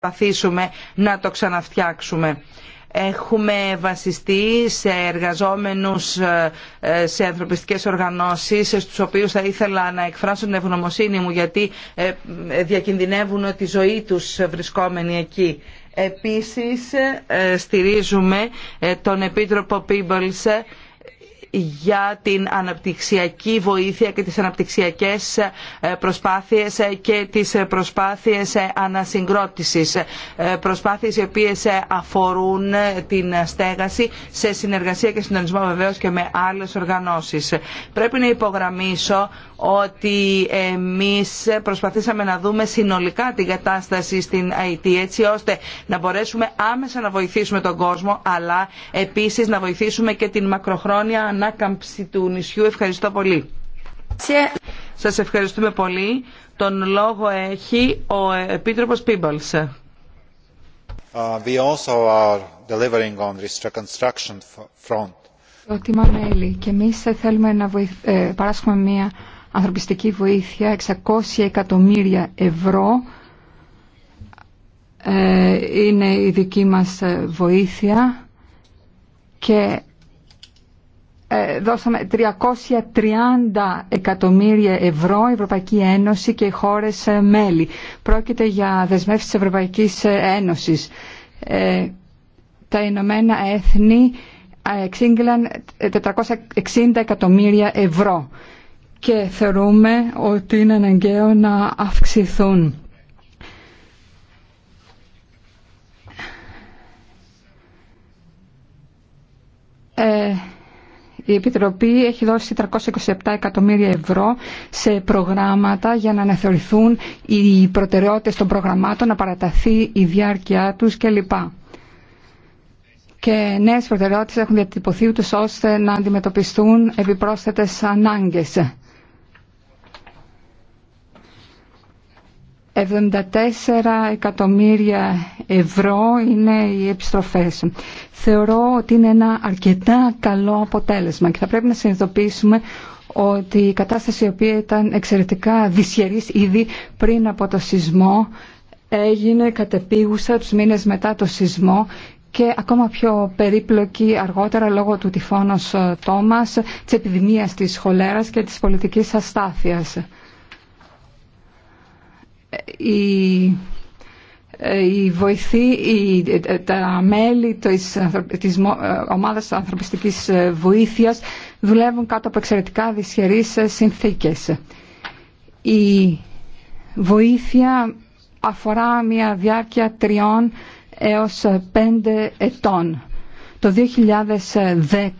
προσπαθήσουμε να το ξαναφτιάξουμε. Έχουμε βασιστεί σε εργαζόμενους, ε, ε, σε ανθρωπιστικές οργανώσεις, στους οποίους θα ήθελα να εκφράσω την ευγνωμοσύνη μου, γιατί ε, διακινδυνεύουν τη ζωή τους βρισκόμενοι εκεί. Επίσης, στηρίζουμε τον Επίτροπο Πίμπολς, για την αναπτυξιακή βοήθεια και τις αναπτυξιακές ε, προσπάθειες ε, και τις προσπάθειες ε, ανασυγκρότησης. Προσπάθειες οι οποίες αφορούν την στέγαση σε συνεργασία και συντονισμό βεβαίως και με άλλες οργανώσεις. Πρέπει να υπογραμμίσω ότι εμείς προσπαθήσαμε να δούμε συνολικά την κατάσταση στην ΑΕΤ έτσι ώστε να μπορέσουμε άμεσα να βοηθήσουμε τον κόσμο αλλά επίσης να βοηθήσουμε και την μακροχρόνια ανάκαμψη του νησιού. Ευχαριστώ πολύ. Σας ευχαριστούμε πολύ. Τον λόγο έχει ο Επίτροπος Πίμπολς. Uh, we also are μέλη και εμείς θέλουμε να βοηθ... Ε, παράσχουμε μια ανθρωπιστική βοήθεια 600 εκατομμύρια ευρώ ε, είναι η δική μας ε, βοήθεια και ε, δώσαμε 330 εκατομμύρια ευρώ η Ευρωπαϊκή Ένωση και οι χώρες ε, μέλη. Πρόκειται για δεσμεύσεις της Ευρωπαϊκής ε, Ένωσης. τα Ηνωμένα Έθνη εξήγηλαν 460 εκατομμύρια ευρώ και θεωρούμε ότι είναι αναγκαίο να αυξηθούν. Ε, η Επιτροπή έχει δώσει 327 εκατομμύρια ευρώ σε προγράμματα για να αναθεωρηθούν οι προτεραιότητες των προγραμμάτων, να παραταθεί η διάρκεια τους κλπ. Και νέες προτεραιότητες έχουν διατυπωθεί ούτως ώστε να αντιμετωπιστούν επιπρόσθετες ανάγκες 74 εκατομμύρια ευρώ είναι οι επιστροφές. Θεωρώ ότι είναι ένα αρκετά καλό αποτέλεσμα και θα πρέπει να συνειδητοποιήσουμε ότι η κατάσταση η οποία ήταν εξαιρετικά δυσχερής ήδη πριν από το σεισμό έγινε κατεπίγουσα τους μήνες μετά το σεισμό και ακόμα πιο περίπλοκη αργότερα λόγω του τυφώνος Τόμας, της επιδημίας της χολέρας και της πολιτικής αστάθειας η η βοηθή, η, τα μέλη της, της ε, ομάδας ανθρωπιστικής ε, βοήθειας δουλεύουν κάτω από εξαιρετικά δυσχερείς ε, συνθήκες. Η βοήθεια αφορά μια διάρκεια τριών έως πέντε ετών. Το 2010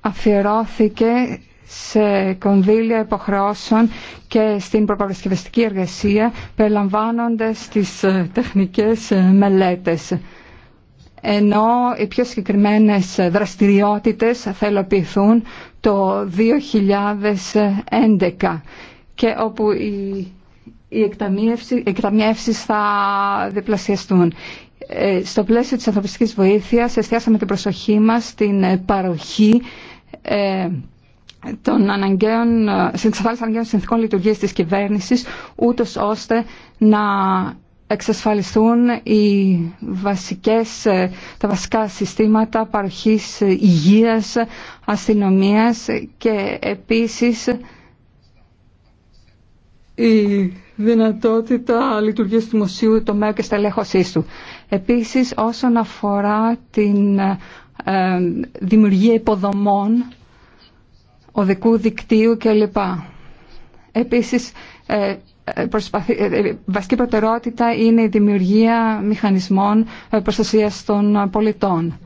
αφιερώθηκε σε κονδύλια υποχρεώσεων και στην προπαρασκευαστική εργασία περιλαμβάνοντας τις ε, τεχνικές ε, μελέτες ενώ οι πιο συγκεκριμένες ε, δραστηριότητες θα το 2011 και όπου οι, οι θα διπλασιαστούν. Στο πλαίσιο της ανθρωπιστικής βοήθειας εστιάσαμε την προσοχή μας στην παροχή των αναγκαίων, εξασφάλιση αναγκαίων συνθήκων λειτουργίας της κυβέρνησης, ούτως ώστε να εξασφαλιστούν οι βασικές, ε, τα βασικά συστήματα παροχής υγείας, αστυνομίας και επίσης η δυνατότητα λειτουργίας του δημοσίου τομέα και στελέχωσής του. Επίσης όσον αφορά την ε, δημιουργία υποδομών οδικού δικτύου κλπ. Επίσης, ε, ε, ε, βασική προτεραιότητα είναι η δημιουργία μηχανισμών προστασίας των πολιτών.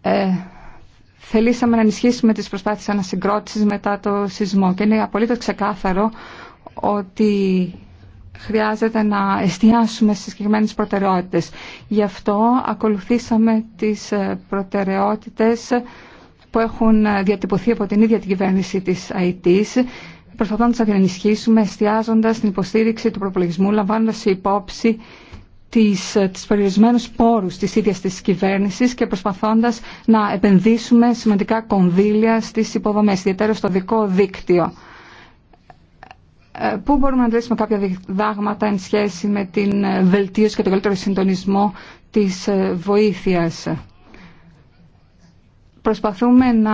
Ε, θελήσαμε να ενισχύσουμε τις προσπάθειες ανασυγκρότησης μετά το σεισμό και είναι απολύτως ξεκάθαρο ότι χρειάζεται να εστιάσουμε στις συγκεκριμένες προτεραιότητες. Γι' αυτό ακολουθήσαμε τις προτεραιότητες που έχουν διατυπωθεί από την ίδια την κυβέρνηση της ΑΕΤ προσπαθώντας να την ενισχύσουμε, εστιάζοντας την υποστήριξη του προπολογισμού, λαμβάνοντας υπόψη τις, περιορισμένου περιορισμένους πόρους της ίδιας της κυβέρνησης και προσπαθώντας να επενδύσουμε σημαντικά κονδύλια στις υποδομές, ιδιαίτερα στο δικό δίκτυο. Ε, πού μπορούμε να αντλήσουμε κάποια διδάγματα εν σχέση με την ε, βελτίωση και τον καλύτερο συντονισμό της ε, βοήθειας. Προσπαθούμε να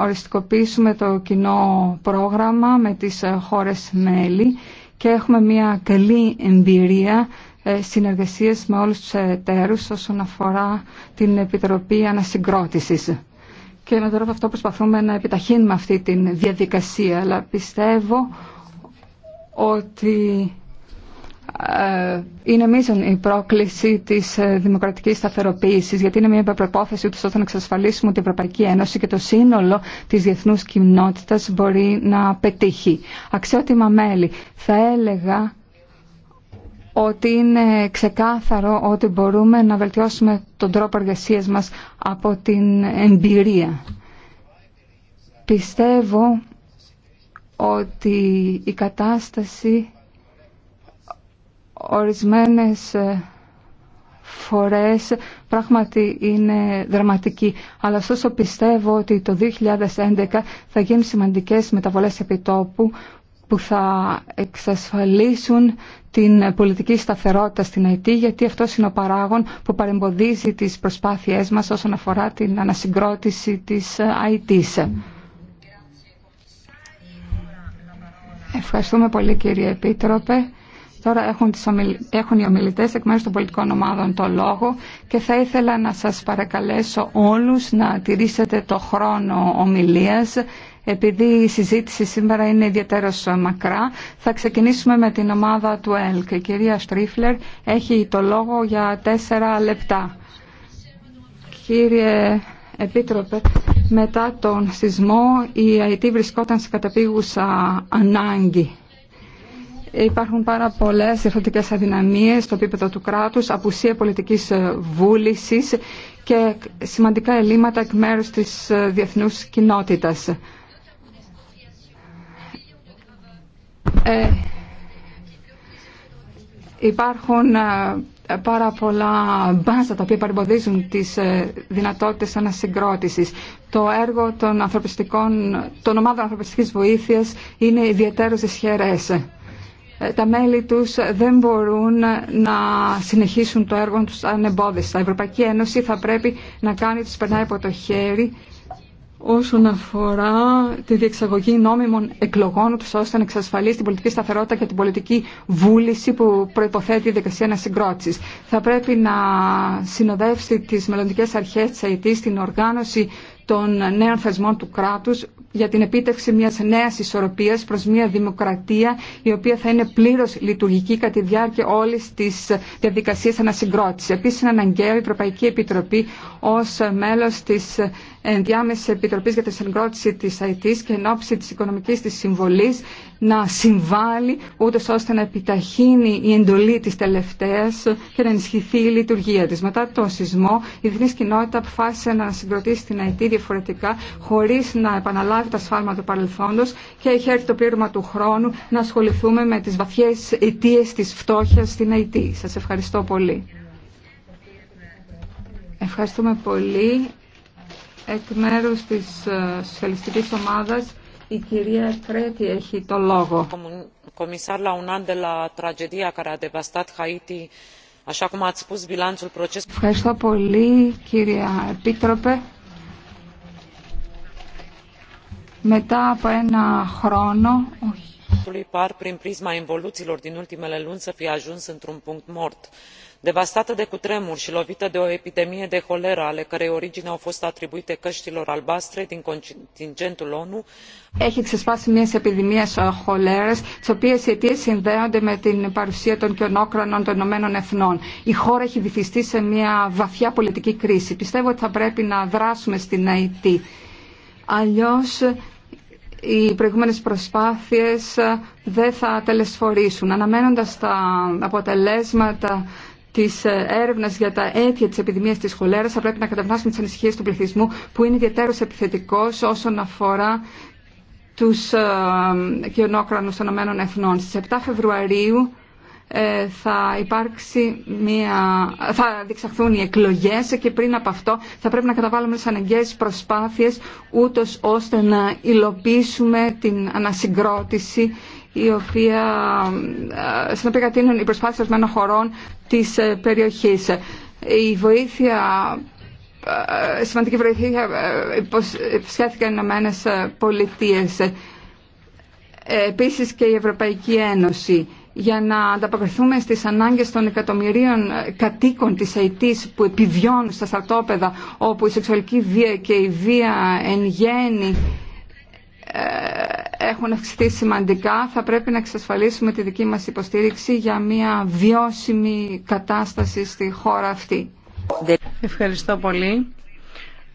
οριστικοποιήσουμε το κοινό πρόγραμμα με τις ε, χώρες μέλη και έχουμε μια καλή εμπειρία ε, συνεργασίας με όλους τους εταίρους όσον αφορά την Επιτροπή Ανασυγκρότησης. Και με τον τρόπο αυτό προσπαθούμε να επιταχύνουμε αυτή τη διαδικασία, αλλά πιστεύω ότι ε, είναι μείζον η πρόκληση τη ε, δημοκρατική σταθεροποίηση, γιατί είναι μια προπόθεση ούτω ώστε να εξασφαλίσουμε ότι η Ευρωπαϊκή Ένωση και το σύνολο τη διεθνού κοινότητα μπορεί να πετύχει. Αξιότιμα μέλη, θα έλεγα ότι είναι ξεκάθαρο ότι μπορούμε να βελτιώσουμε τον τρόπο εργασία μας από την εμπειρία. Πιστεύω ότι η κατάσταση ορισμένες ε, φορές πράγματι είναι δραματική. Αλλά ωστόσο πιστεύω ότι το 2011 θα γίνουν σημαντικές μεταβολές επιτόπου που θα εξασφαλίσουν την πολιτική σταθερότητα στην ΑΕΤ γιατί αυτό είναι ο παράγον που παρεμποδίζει τις προσπάθειές μας όσον αφορά την ανασυγκρότηση της ΑΕΤ. Ευχαριστούμε πολύ κύριε Επίτροπε. Τώρα έχουν, έχουν οι ομιλητές εκ μέρους των πολιτικών ομάδων το λόγο και θα ήθελα να σας παρακαλέσω όλους να τηρήσετε το χρόνο ομιλίας επειδή η συζήτηση σήμερα είναι ιδιαίτερα μακρά. Θα ξεκινήσουμε με την ομάδα του ΕΛΚ. Η κυρία Στρίφλερ έχει το λόγο για τέσσερα λεπτά. Κύριε Επίτροπε, μετά τον σεισμό η ΑΕΤ βρισκόταν σε καταπήγουσα ανάγκη Υπάρχουν πάρα πολλέ διαφορετικές αδυναμίες στο επίπεδο του κράτου, απουσία πολιτικής ε, βούλησης και σημαντικά ελλείμματα εκ μέρου της ε, διεθνούς κοινότητας. Ε, υπάρχουν πάρα πολλά μπάζα τα οποία παρεμποδίζουν τις δυνατότητες ανασυγκρότησης. Το έργο των, ανθρωπιστικών, των ομάδων ανθρωπιστικής βοήθειας είναι ιδιαίτερως ισχυρές. Ε, τα μέλη τους δεν μπορούν να συνεχίσουν το έργο τους ανεμπόδιστα. Η Ευρωπαϊκή Ένωση θα πρέπει να κάνει τις περνάει από το χέρι όσον αφορά τη διεξαγωγή νόμιμων εκλογών τους ώστε να εξασφαλίσει την πολιτική σταθερότητα και την πολιτική βούληση που προϋποθέτει η δικασία ανασυγκρότησης. Θα πρέπει να συνοδεύσει τις μελλοντικές αρχές της ΑΕΤ στην οργάνωση των νέων θεσμών του κράτους για την επίτευξη μιας νέας ισορροπίας προς μια δημοκρατία η οποία θα είναι πλήρως λειτουργική κατά τη διάρκεια όλης της διαδικασίας ανασυγκρότησης. Επίσης είναι αναγκαίο η Ευρωπαϊκή Επιτροπή ως μέλος της ενδιάμεση επιτροπή για τη συγκρότηση τη ΑΕΤ και εν ώψη τη οικονομική τη συμβολή, να συμβάλλει ούτω ώστε να επιταχύνει η εντολή τη τελευταία και να ενισχυθεί η λειτουργία τη. Μετά τον σεισμό η διεθνή κοινότητα αποφάσισε να συγκροτήσει την ΑΕΤ διαφορετικά χωρί να επαναλάβει τα σφάλματα του παρελθόντο και έχει έρθει το πλήρωμα του χρόνου να ασχοληθούμε με τι βαθιέ αιτίε τη φτώχεια στην ΑΕΤ. Σα ευχαριστώ πολύ. Ευχαριστούμε πολύ. Εκ μέρους της σοσιαλιστικής ομάδας η κυρία Κρέτη έχει το λόγο. Comisar, la un an de la tragedia care a devastat Haiti, așa cum ați spus, bilanțul procesului... Ευχαριστώ πολύ, κυρία Επίτροπε. Μετά από ένα χρόνο... ...par, prin prisma involuțiilor din ultimele luni, să fie ajuns într-un punct mort devastată de cutremur lovită de o epidemie de ale cărei origini au fost atribuite cătilor albastre din onu έχει ξεσπάσει μια επιδημία ε, χολέρα, τι οποίε αιτίε συνδέονται με την παρουσία των κοινόκρανων των Ηνωμένων Εθνών. Η χώρα έχει βυθιστεί σε μια βαθιά πολιτική κρίση. Πιστεύω ότι θα πρέπει να δράσουμε στην ΑΕΤ. Αλλιώ οι προηγούμενε προσπάθειες ε, δεν θα τελεσφορήσουν. αναμένοντα τα αποτελέσματα τη ε, έρευνα για τα αίτια τη επιδημία τη χολέρα, θα πρέπει να κατευνάσουμε τι ανησυχίε του πληθυσμού, που είναι ιδιαίτερο επιθετικό όσον αφορά του ε, κοινόκρανου των Ηνωμένων Εθνών. Στι 7 Φεβρουαρίου ε, θα υπάρξει μια... θα διεξαχθούν οι εκλογές και πριν από αυτό θα πρέπει να καταβάλουμε τι αναγκαίε προσπάθειε ούτω ώστε να υλοποιήσουμε την ανασυγκρότηση η οποία, ε, στην οποία κατείνουν οι προσπάθειες ορισμένων χωρών της ε, περιοχής. Η βοήθεια, ε, σημαντική βοήθεια υποσχέθηκαν οι Ηνωμένε Πολιτείε. Επίσης και η Ευρωπαϊκή Ένωση για να ανταποκριθούμε στις ανάγκες των εκατομμυρίων κατοίκων της ΑΕΤΗΣ που επιβιώνουν στα στρατόπεδα όπου η σεξουαλική βία και η βία εν γέννη ε, έχουν αυξηθεί σημαντικά. Θα πρέπει να εξασφαλίσουμε τη δική μας υποστήριξη για μια βιώσιμη κατάσταση στη χώρα αυτή. Ευχαριστώ πολύ.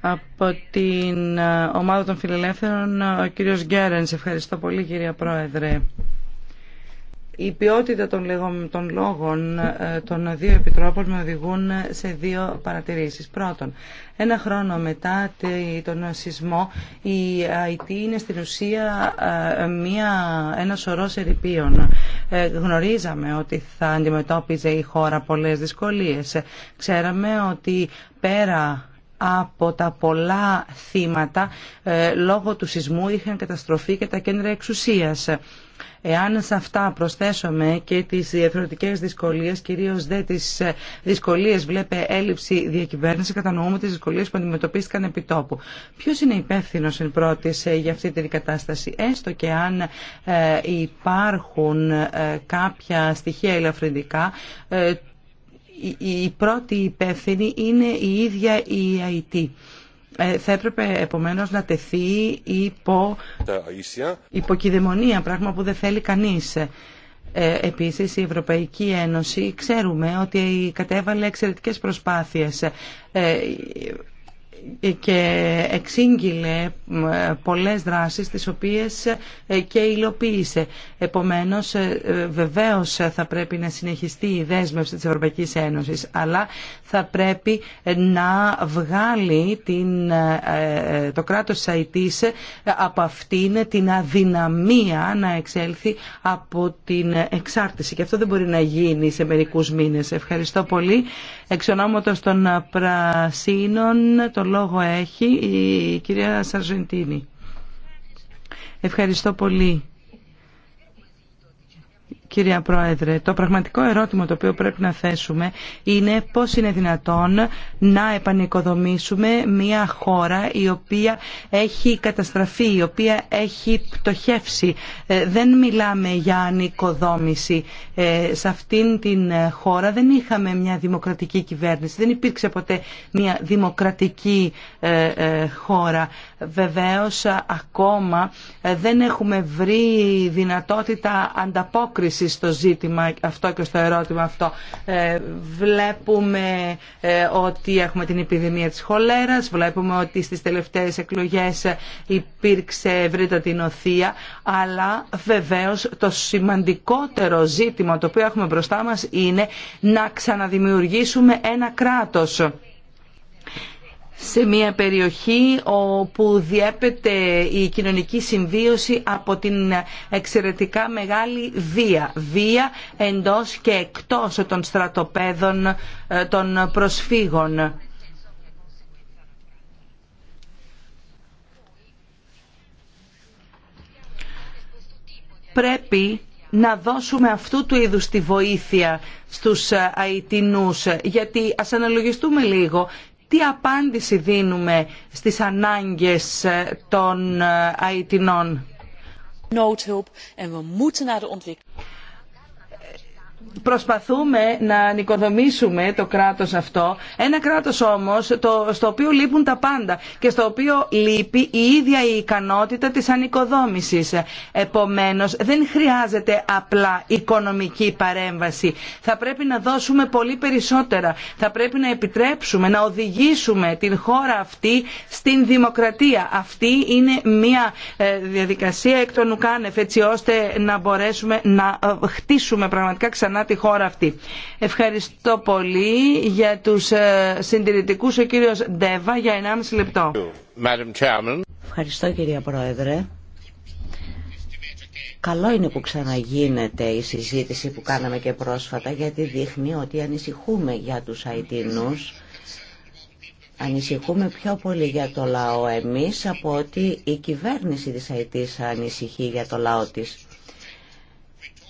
Από την ε, ομάδα των φιλελεύθερων, ο κύριος Γκέρενς. Ευχαριστώ πολύ, κυρία Πρόεδρε. Η ποιότητα των λόγων ε, των δύο επιτρόπων με οδηγούν σε δύο παρατηρήσεις. Πρώτον, ένα χρόνο μετά τον σεισμό η ΑΙΤ είναι στην ουσία ε, μια, ένα σωρό ερηπείων. Ε, γνωρίζαμε ότι θα αντιμετώπιζε η χώρα πολλές δυσκολίες. Ξέραμε ότι πέρα από τα πολλά θύματα λόγω του σεισμού είχαν καταστροφεί και τα κέντρα εξουσίας. Εάν σε αυτά προσθέσουμε και τις διαφορετικές δυσκολίες, κυρίως δε τις δυσκολίες βλέπε έλλειψη διακυβέρνηση, κατανοούμε τις δυσκολίες που αντιμετωπίστηκαν επί τόπου. Ποιος είναι υπεύθυνος εν πρώτης ε, για αυτή την κατάσταση, έστω και αν ε, υπάρχουν ε, κάποια στοιχεία ελαφρυντικά, η πρώτη υπεύθυνη είναι η ίδια η ΑΙΤ. Ε, θα έπρεπε επομένως να τεθεί υπό, κυδαιμονία, πράγμα που δεν θέλει κανείς. Ε, Επίση, η Ευρωπαϊκή Ένωση ξέρουμε ότι κατέβαλε εξαιρετικές προσπάθειες ε, και εξήγηλε πολλές δράσεις τις οποίες ε, και υλοποίησε. Επομένως ε, ε, βεβαίως θα πρέπει να συνεχιστεί η δέσμευση της Ευρωπαϊκής Ένωσης αλλά θα πρέπει να βγάλει την, το κράτος της από αυτήν την αδυναμία να εξέλθει από την εξάρτηση και αυτό δεν μπορεί να γίνει σε μερικούς μήνες. Ευχαριστώ πολύ. Εξ των Πρασίνων, λόγο έχει η κυρία Σαρζεντίνη. Ευχαριστώ πολύ κυρία Πρόεδρε. Το πραγματικό ερώτημα το οποίο πρέπει να θέσουμε είναι πώς είναι δυνατόν να επανοικοδομήσουμε μια χώρα η οποία έχει καταστραφεί, η οποία έχει πτωχεύσει. Ε, δεν μιλάμε για ανοικοδόμηση. Ε, σε αυτήν την χώρα δεν είχαμε μια δημοκρατική κυβέρνηση. Δεν υπήρξε ποτέ μια δημοκρατική ε, χώρα. Βεβαίως ακόμα ε, δεν έχουμε βρει δυνατότητα ανταπόκρισης στο ζήτημα αυτό και στο ερώτημα αυτό. Ε, βλέπουμε ε, ότι έχουμε την επιδημία της χολέρας, βλέπουμε ότι στις τελευταίες εκλογές υπήρξε την νοθεία, αλλά βεβαίως το σημαντικότερο ζήτημα το οποίο έχουμε μπροστά μας είναι να ξαναδημιουργήσουμε ένα κράτος σε μια περιοχή όπου διέπεται η κοινωνική συμβίωση από την εξαιρετικά μεγάλη βία. Βία εντός και εκτός των στρατοπέδων ε, των προσφύγων. Πρέπει να δώσουμε αυτού του είδους τη βοήθεια στους ε, αιτινούς γιατί ας αναλογιστούμε λίγο τι απάντηση δίνουμε στις ανάγκες ε, των ε, αιτινών προσπαθούμε να νοικοδομήσουμε το κράτος αυτό, ένα κράτος όμως το, στο οποίο λείπουν τα πάντα και στο οποίο λείπει η ίδια η ικανότητα της ανοικοδόμησης. Επομένως δεν χρειάζεται απλά οικονομική παρέμβαση. Θα πρέπει να δώσουμε πολύ περισσότερα. Θα πρέπει να επιτρέψουμε, να οδηγήσουμε την χώρα αυτή στην δημοκρατία. Αυτή είναι μια ε, διαδικασία εκ των έτσι ώστε να μπορέσουμε να ε, χτίσουμε πραγματικά ξανά ξανά τη χώρα αυτή. Ευχαριστώ πολύ για τους ε, συντηρητικούς ο κύριος Ντέβα για 1,5 λεπτό. Ευχαριστώ κυρία Πρόεδρε. Καλό είναι που ξαναγίνεται η συζήτηση που κάναμε και πρόσφατα γιατί δείχνει ότι ανησυχούμε για τους Αιτινούς Ανησυχούμε πιο πολύ για το λαό εμείς από ότι η κυβέρνηση της Αιτής ανησυχεί για το λαό της.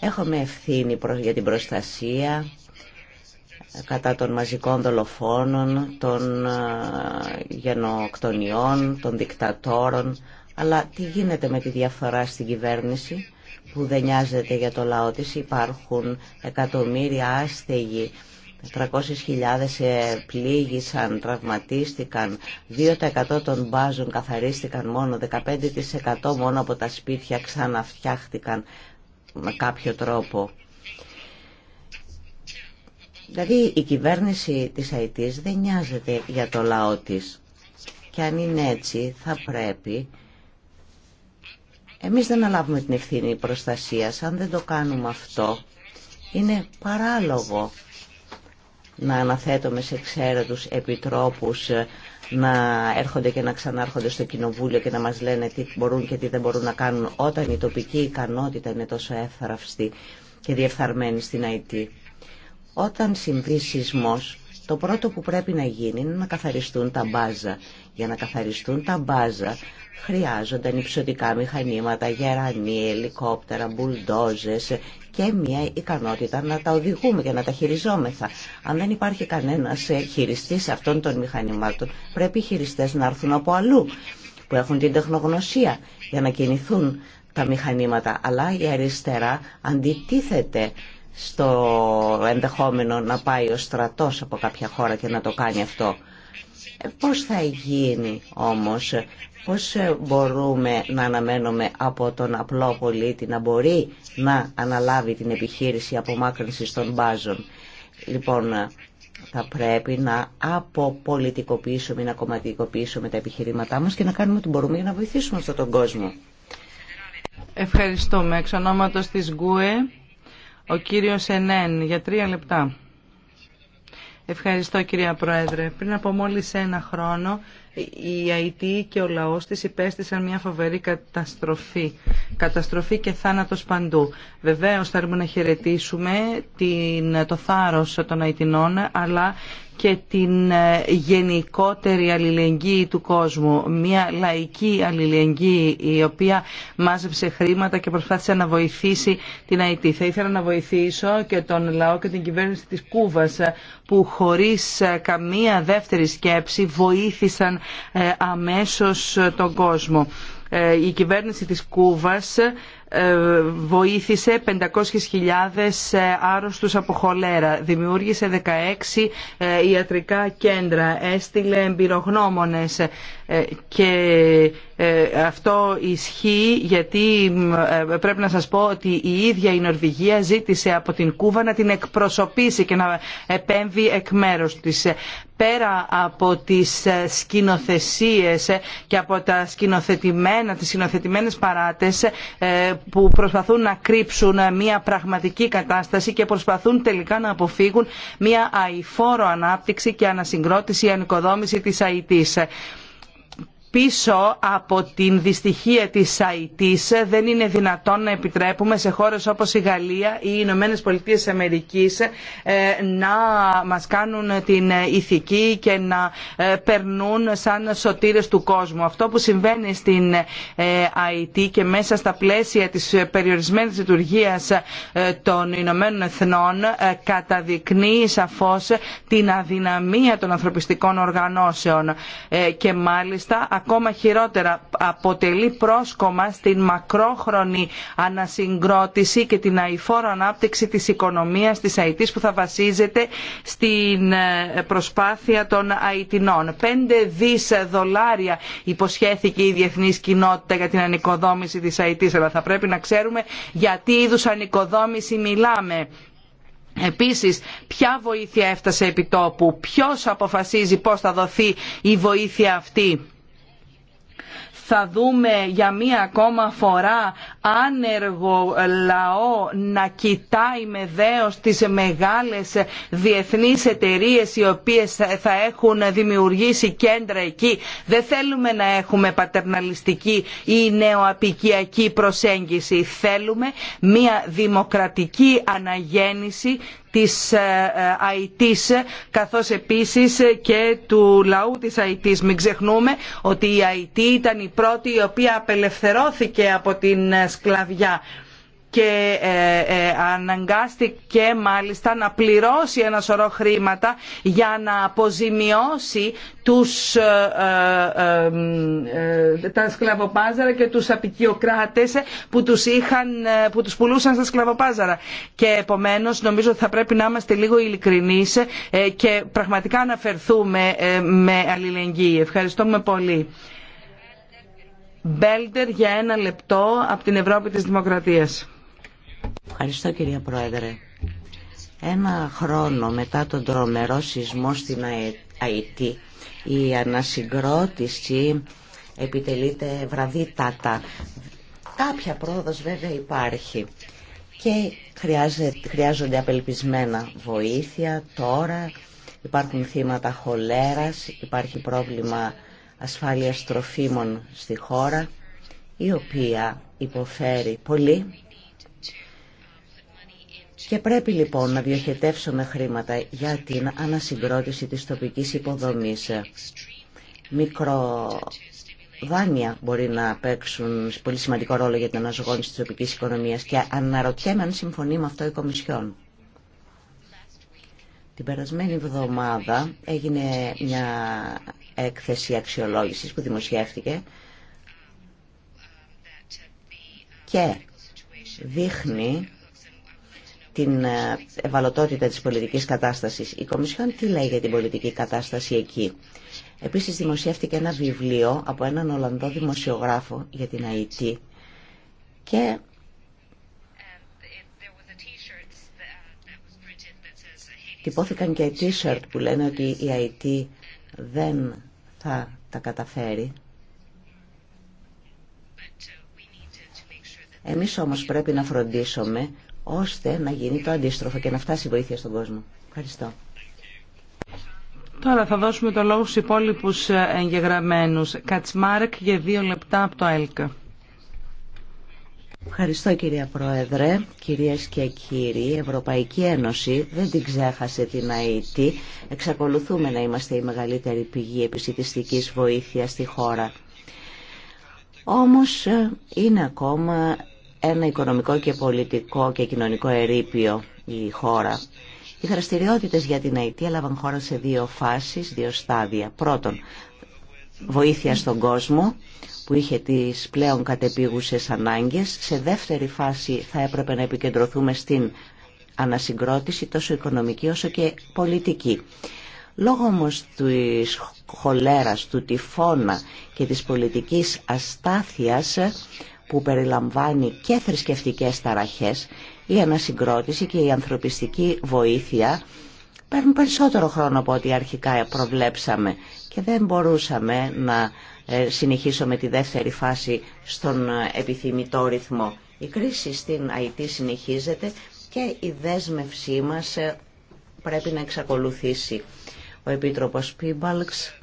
Έχουμε ευθύνη για την προστασία κατά των μαζικών δολοφόνων, των γενοκτονιών, των δικτατόρων. Αλλά τι γίνεται με τη διαφορά στην κυβέρνηση που δεν νοιάζεται για το λαό της. Υπάρχουν εκατομμύρια άστεγοι, 300.000 ε, πλήγησαν, τραυματίστηκαν, 2% των μπάζων καθαρίστηκαν μόνο, 15% μόνο από τα σπίτια ξαναφτιάχτηκαν με κάποιο τρόπο. Δηλαδή η κυβέρνηση της Αιτής δεν νοιάζεται για το λαό της. Και αν είναι έτσι θα πρέπει εμείς δεν αναλάβουμε την ευθύνη προστασίας. Αν δεν το κάνουμε αυτό είναι παράλογο να αναθέτουμε σε εξαίρετους επιτρόπους να έρχονται και να ξανάρχονται στο κοινοβούλιο και να μας λένε τι μπορούν και τι δεν μπορούν να κάνουν όταν η τοπική ικανότητα είναι τόσο εύθραυστη και διεφθαρμένη στην ΑΕΤ. Όταν συμβεί σεισμός, το πρώτο που πρέπει να γίνει είναι να καθαριστούν τα μπάζα. Για να καθαριστούν τα μπάζα χρειάζονταν υψωτικά μηχανήματα, γερανοί, ελικόπτερα, μπουλντόζες και μια ικανότητα να τα οδηγούμε και να τα χειριζόμεθα. Αν δεν υπάρχει κανένας ε, χειριστής αυτών των μηχανημάτων, πρέπει οι χειριστές να έρθουν από αλλού, που έχουν την τεχνογνωσία για να κινηθούν τα μηχανήματα. Αλλά η αριστερά αντιτίθεται στο ενδεχόμενο να πάει ο στρατός από κάποια χώρα και να το κάνει αυτό. Ε, πώς θα γίνει όμως Πώς μπορούμε να αναμένουμε από τον απλό πολίτη να μπορεί να αναλάβει την επιχείρηση απομάκρυνσης των μπάζων. Λοιπόν, θα πρέπει να αποπολιτικοποιήσουμε ή να κομματικοποιήσουμε τα επιχειρήματά μας και να κάνουμε ό,τι μπορούμε για να βοηθήσουμε αυτόν τον κόσμο. Ευχαριστούμε. Εξ ονόματος της ΓΚΟΕ, ο κύριος Ενέν, για τρία λεπτά. Ευχαριστώ κυρία Πρόεδρε. Πριν από μόλις ένα χρόνο η ΑΙΤ και ο λαός της υπέστησαν μια φοβερή καταστροφή. Καταστροφή και θάνατος παντού. Βεβαίως θέλουμε να χαιρετήσουμε την, το θάρρος των Αιτινών αλλά και την ε, γενικότερη αλληλεγγύη του κόσμου. Μια λαϊκή αλληλεγγύη η οποία μάζεψε χρήματα και προσπάθησε να βοηθήσει την ΑΕΤ. Θα ήθελα να βοηθήσω και τον λαό και την κυβέρνηση της Κούβας ε, που χωρίς ε, καμία δεύτερη σκέψη βοήθησαν αμέσως τον κόσμο. Η κυβέρνηση της Κούβας ε, βοήθησε 500.000 ε, άρρωστους από χολέρα, δημιούργησε 16 ε, ιατρικά κέντρα, έστειλε εμπειρογνώμονες ε, και ε, αυτό ισχύει γιατί ε, πρέπει να σας πω ότι η ίδια η Νορβηγία ζήτησε από την Κούβα να την εκπροσωπήσει και να επέμβει εκ μέρους της. Πέρα από τις σκηνοθεσίες και από τα σκηνοθετημένα, τις σκηνοθετημένες παράτες που προσπαθούν να κρύψουν μια πραγματική κατάσταση και προσπαθούν τελικά να αποφύγουν μια αηφόρο ανάπτυξη και ανασυγκρότηση, ανοικοδόμηση της ΑΕΤ πίσω από την δυστυχία της αιτής δεν είναι δυνατόν να επιτρέπουμε σε χώρες όπως η Γαλλία ή οι Ηνωμένε Πολιτείε Αμερικής ε, να μας κάνουν την ηθική και να ε, περνούν σαν σωτήρες του κόσμου. Αυτό που συμβαίνει στην ε, Αιτή και μέσα στα πλαίσια της περιορισμένης λειτουργίας των Ηνωμένων Εθνών καταδεικνύει σαφώς την αδυναμία των ανθρωπιστικών οργανώσεων και μάλιστα ακόμα χειρότερα αποτελεί πρόσκομα στην μακρόχρονη ανασυγκρότηση και την αηφόρο ανάπτυξη της οικονομίας της αιτής που θα βασίζεται στην ε, προσπάθεια των αιτινών. 5 δις δολάρια υποσχέθηκε η διεθνής κοινότητα για την ανοικοδόμηση της αιτής αλλά θα πρέπει να ξέρουμε για τι είδους ανοικοδόμηση μιλάμε. Επίσης, ποια βοήθεια έφτασε επί τόπου, ποιος αποφασίζει πώς θα δοθεί η βοήθεια αυτή θα δούμε για μία ακόμα φορά άνεργο λαό να κοιτάει με δέος τις μεγάλες διεθνείς εταιρείες οι οποίες θα έχουν δημιουργήσει κέντρα εκεί. Δεν θέλουμε να έχουμε πατερναλιστική ή νεοαπικιακή προσέγγιση. Θέλουμε μία δημοκρατική αναγέννηση της ε, ε, Αιτής καθώς επίσης και του λαού της Αιτής. Μην ξεχνούμε ότι η Αιτή ήταν η πρώτη η οποία απελευθερώθηκε από την ε, σκλαβιά και ε, ε, αναγκάστηκε μάλιστα να πληρώσει ένα σωρό χρήματα για να αποζημιώσει τους, ε, τα σκλαβοπάζαρα και τους απικιοκράτες που τους, είχαν, που τους πουλούσαν στα σκλαβοπάζαρα. Και επομένως νομίζω ότι θα πρέπει να είμαστε λίγο ειλικρινείς και πραγματικά να αναφερθούμε με αλληλεγγύη. Ευχαριστούμε πολύ. Μπέλτερ για ένα λεπτό από την Ευρώπη της Δημοκρατίας. Ευχαριστώ κυρία Πρόεδρε. Ένα χρόνο μετά τον τρομερό σεισμό στην ΑΕΤ, η ανασυγκρότηση επιτελείται βραδύτατα. Κάποια πρόοδος βέβαια υπάρχει και χρειάζονται απελπισμένα βοήθεια τώρα. Υπάρχουν θύματα χολέρας, υπάρχει πρόβλημα ασφάλειας τροφίμων στη χώρα, η οποία υποφέρει πολύ και πρέπει λοιπόν να διοχετεύσουμε χρήματα για την ανασυγκρότηση της τοπικής υποδομής. Μικρό δάνεια μπορεί να παίξουν πολύ σημαντικό ρόλο για την αναζωγόνηση της τοπικής οικονομίας και αναρωτιέμαι αν συμφωνεί με αυτό η Κομισιόν. Την περασμένη εβδομάδα έγινε μια έκθεση αξιολόγησης που δημοσιεύτηκε και δείχνει την ε, ευαλωτότητα της πολιτικής κατάστασης. Η Κομισιόν τι λέει για την πολιτική κατάσταση εκεί. Επίσης δημοσιεύτηκε ένα βιβλίο από έναν Ολλανδό δημοσιογράφο για την ΑΕΤ και τυπώθηκαν και t-shirt που λένε ότι η ΑΕΤ δεν θα τα καταφέρει. Εμείς όμως πρέπει να φροντίσουμε ώστε να γίνει το αντίστροφο και να φτάσει η βοήθεια στον κόσμο. Ευχαριστώ. Τώρα θα δώσουμε το λόγο στους υπόλοιπους ε, εγγεγραμμένους. Κατσμάρκ, για δύο λεπτά από το ΕΛΚΑ. Ευχαριστώ κυρία Πρόεδρε, κυρίες και κύριοι. Η Ευρωπαϊκή Ένωση δεν την ξέχασε την ΑΕΤ. Εξακολουθούμε να είμαστε η μεγαλύτερη πηγή επισητιστικής βοήθειας στη χώρα. Όμως ε, είναι ακόμα ένα οικονομικό και πολιτικό και κοινωνικό ερείπιο η χώρα. Οι δραστηριότητες για την ΑΕΤ έλαβαν χώρα σε δύο φάσεις, δύο στάδια. Πρώτον, βοήθεια στον κόσμο που είχε τις πλέον κατεπίγουσες ανάγκες. Σε δεύτερη φάση θα έπρεπε να επικεντρωθούμε στην ανασυγκρότηση τόσο οικονομική όσο και πολιτική. Λόγω όμως της χολέρας, του τυφώνα και της πολιτικής αστάθειας που περιλαμβάνει και θρησκευτικές ταραχές, η ανασυγκρότηση και η ανθρωπιστική βοήθεια παίρνουν περισσότερο χρόνο από ό,τι αρχικά προβλέψαμε και δεν μπορούσαμε να ε, συνεχίσουμε τη δεύτερη φάση στον ε, επιθυμητό ρυθμό. Η κρίση στην ΑΕΤ συνεχίζεται και η δέσμευσή μας ε, πρέπει να εξακολουθήσει. Ο Επίτροπος Πίμπαλξ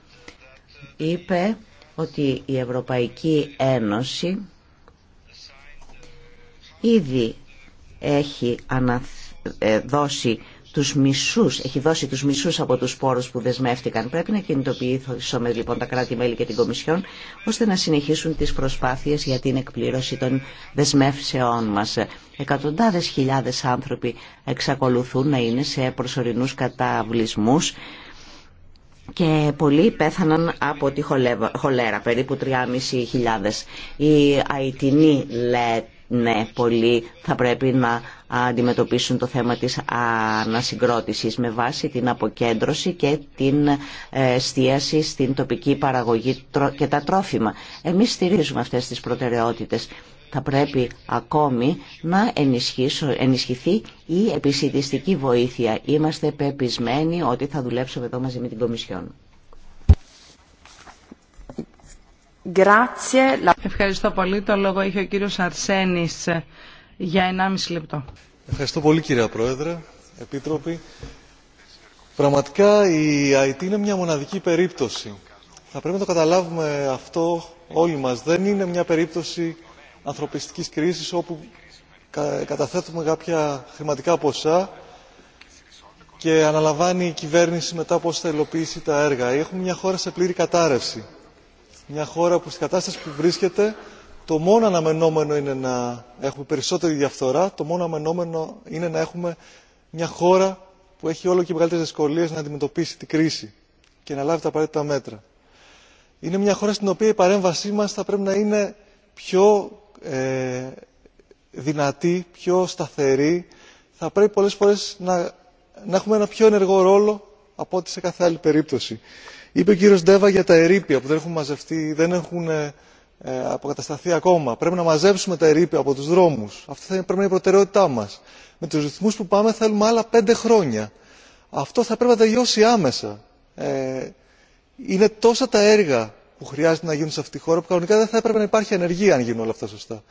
είπε ότι η Ευρωπαϊκή Ένωση ήδη έχει ε, δώσει τους μισούς, έχει δώσει τους μισούς από τους πόρους που δεσμεύτηκαν. Πρέπει να κινητοποιήσουμε λοιπόν τα κράτη-μέλη και την Κομισιόν ώστε να συνεχίσουν τις προσπάθειες για την εκπλήρωση των δεσμεύσεών μας. Εκατοντάδες χιλιάδες άνθρωποι εξακολουθούν να είναι σε προσωρινούς καταβλισμούς και πολλοί πέθαναν από τη χολέρα, περίπου 3.500. Η αιτινή λέτε ναι, πολλοί θα πρέπει να αντιμετωπίσουν το θέμα της ανασυγκρότησης με βάση την αποκέντρωση και την ε, εστίαση στην τοπική παραγωγή και τα τρόφιμα. Εμείς στηρίζουμε αυτές τις προτεραιότητες. Θα πρέπει ακόμη να ενισχυθεί η επισητιστική βοήθεια. Είμαστε πεπισμένοι ότι θα δουλέψουμε εδώ μαζί με την Κομισιόν. Ευχαριστώ πολύ. Το λόγο έχει ο κύριος Αρσένης για 1,5 λεπτό. Ευχαριστώ πολύ κυρία Πρόεδρε, Επίτροποι. Πραγματικά η IT είναι μια μοναδική περίπτωση. Θα πρέπει να το καταλάβουμε αυτό όλοι μας. Δεν είναι μια περίπτωση ανθρωπιστικής κρίσης όπου καταθέτουμε κάποια χρηματικά ποσά και αναλαμβάνει η κυβέρνηση μετά πώς θα υλοποιήσει τα έργα. Έχουμε μια χώρα σε πλήρη κατάρρευση μια χώρα που στην κατάσταση που βρίσκεται το μόνο αναμενόμενο είναι να έχουμε περισσότερη διαφθορά το μόνο αναμενόμενο είναι να έχουμε μια χώρα που έχει όλο και μεγαλύτερε δυσκολίε να αντιμετωπίσει την κρίση και να λάβει τα απαραίτητα μέτρα. Είναι μια χώρα στην οποία η παρέμβασή μα θα πρέπει να είναι πιο ε, δυνατή, πιο σταθερή. Θα πρέπει πολλέ φορέ να, να έχουμε ένα πιο ενεργό ρόλο από ό,τι σε κάθε άλλη περίπτωση. Είπε ο κύριο Ντέβα για τα ερείπια που δεν έχουν μαζευτεί, δεν έχουν ε, ε, αποκατασταθεί ακόμα. Πρέπει να μαζέψουμε τα ερείπια από τους δρόμους. Αυτή πρέπει να είναι η προτεραιότητά μα. Με του ρυθμού που πάμε θέλουμε άλλα πέντε χρόνια. Αυτό θα πρέπει να τελειώσει άμεσα. Ε, είναι τόσα τα έργα που χρειάζεται να γίνουν σε αυτή τη χώρα που κανονικά δεν θα έπρεπε να υπάρχει ανεργία αν γίνουν όλα αυτά σωστά.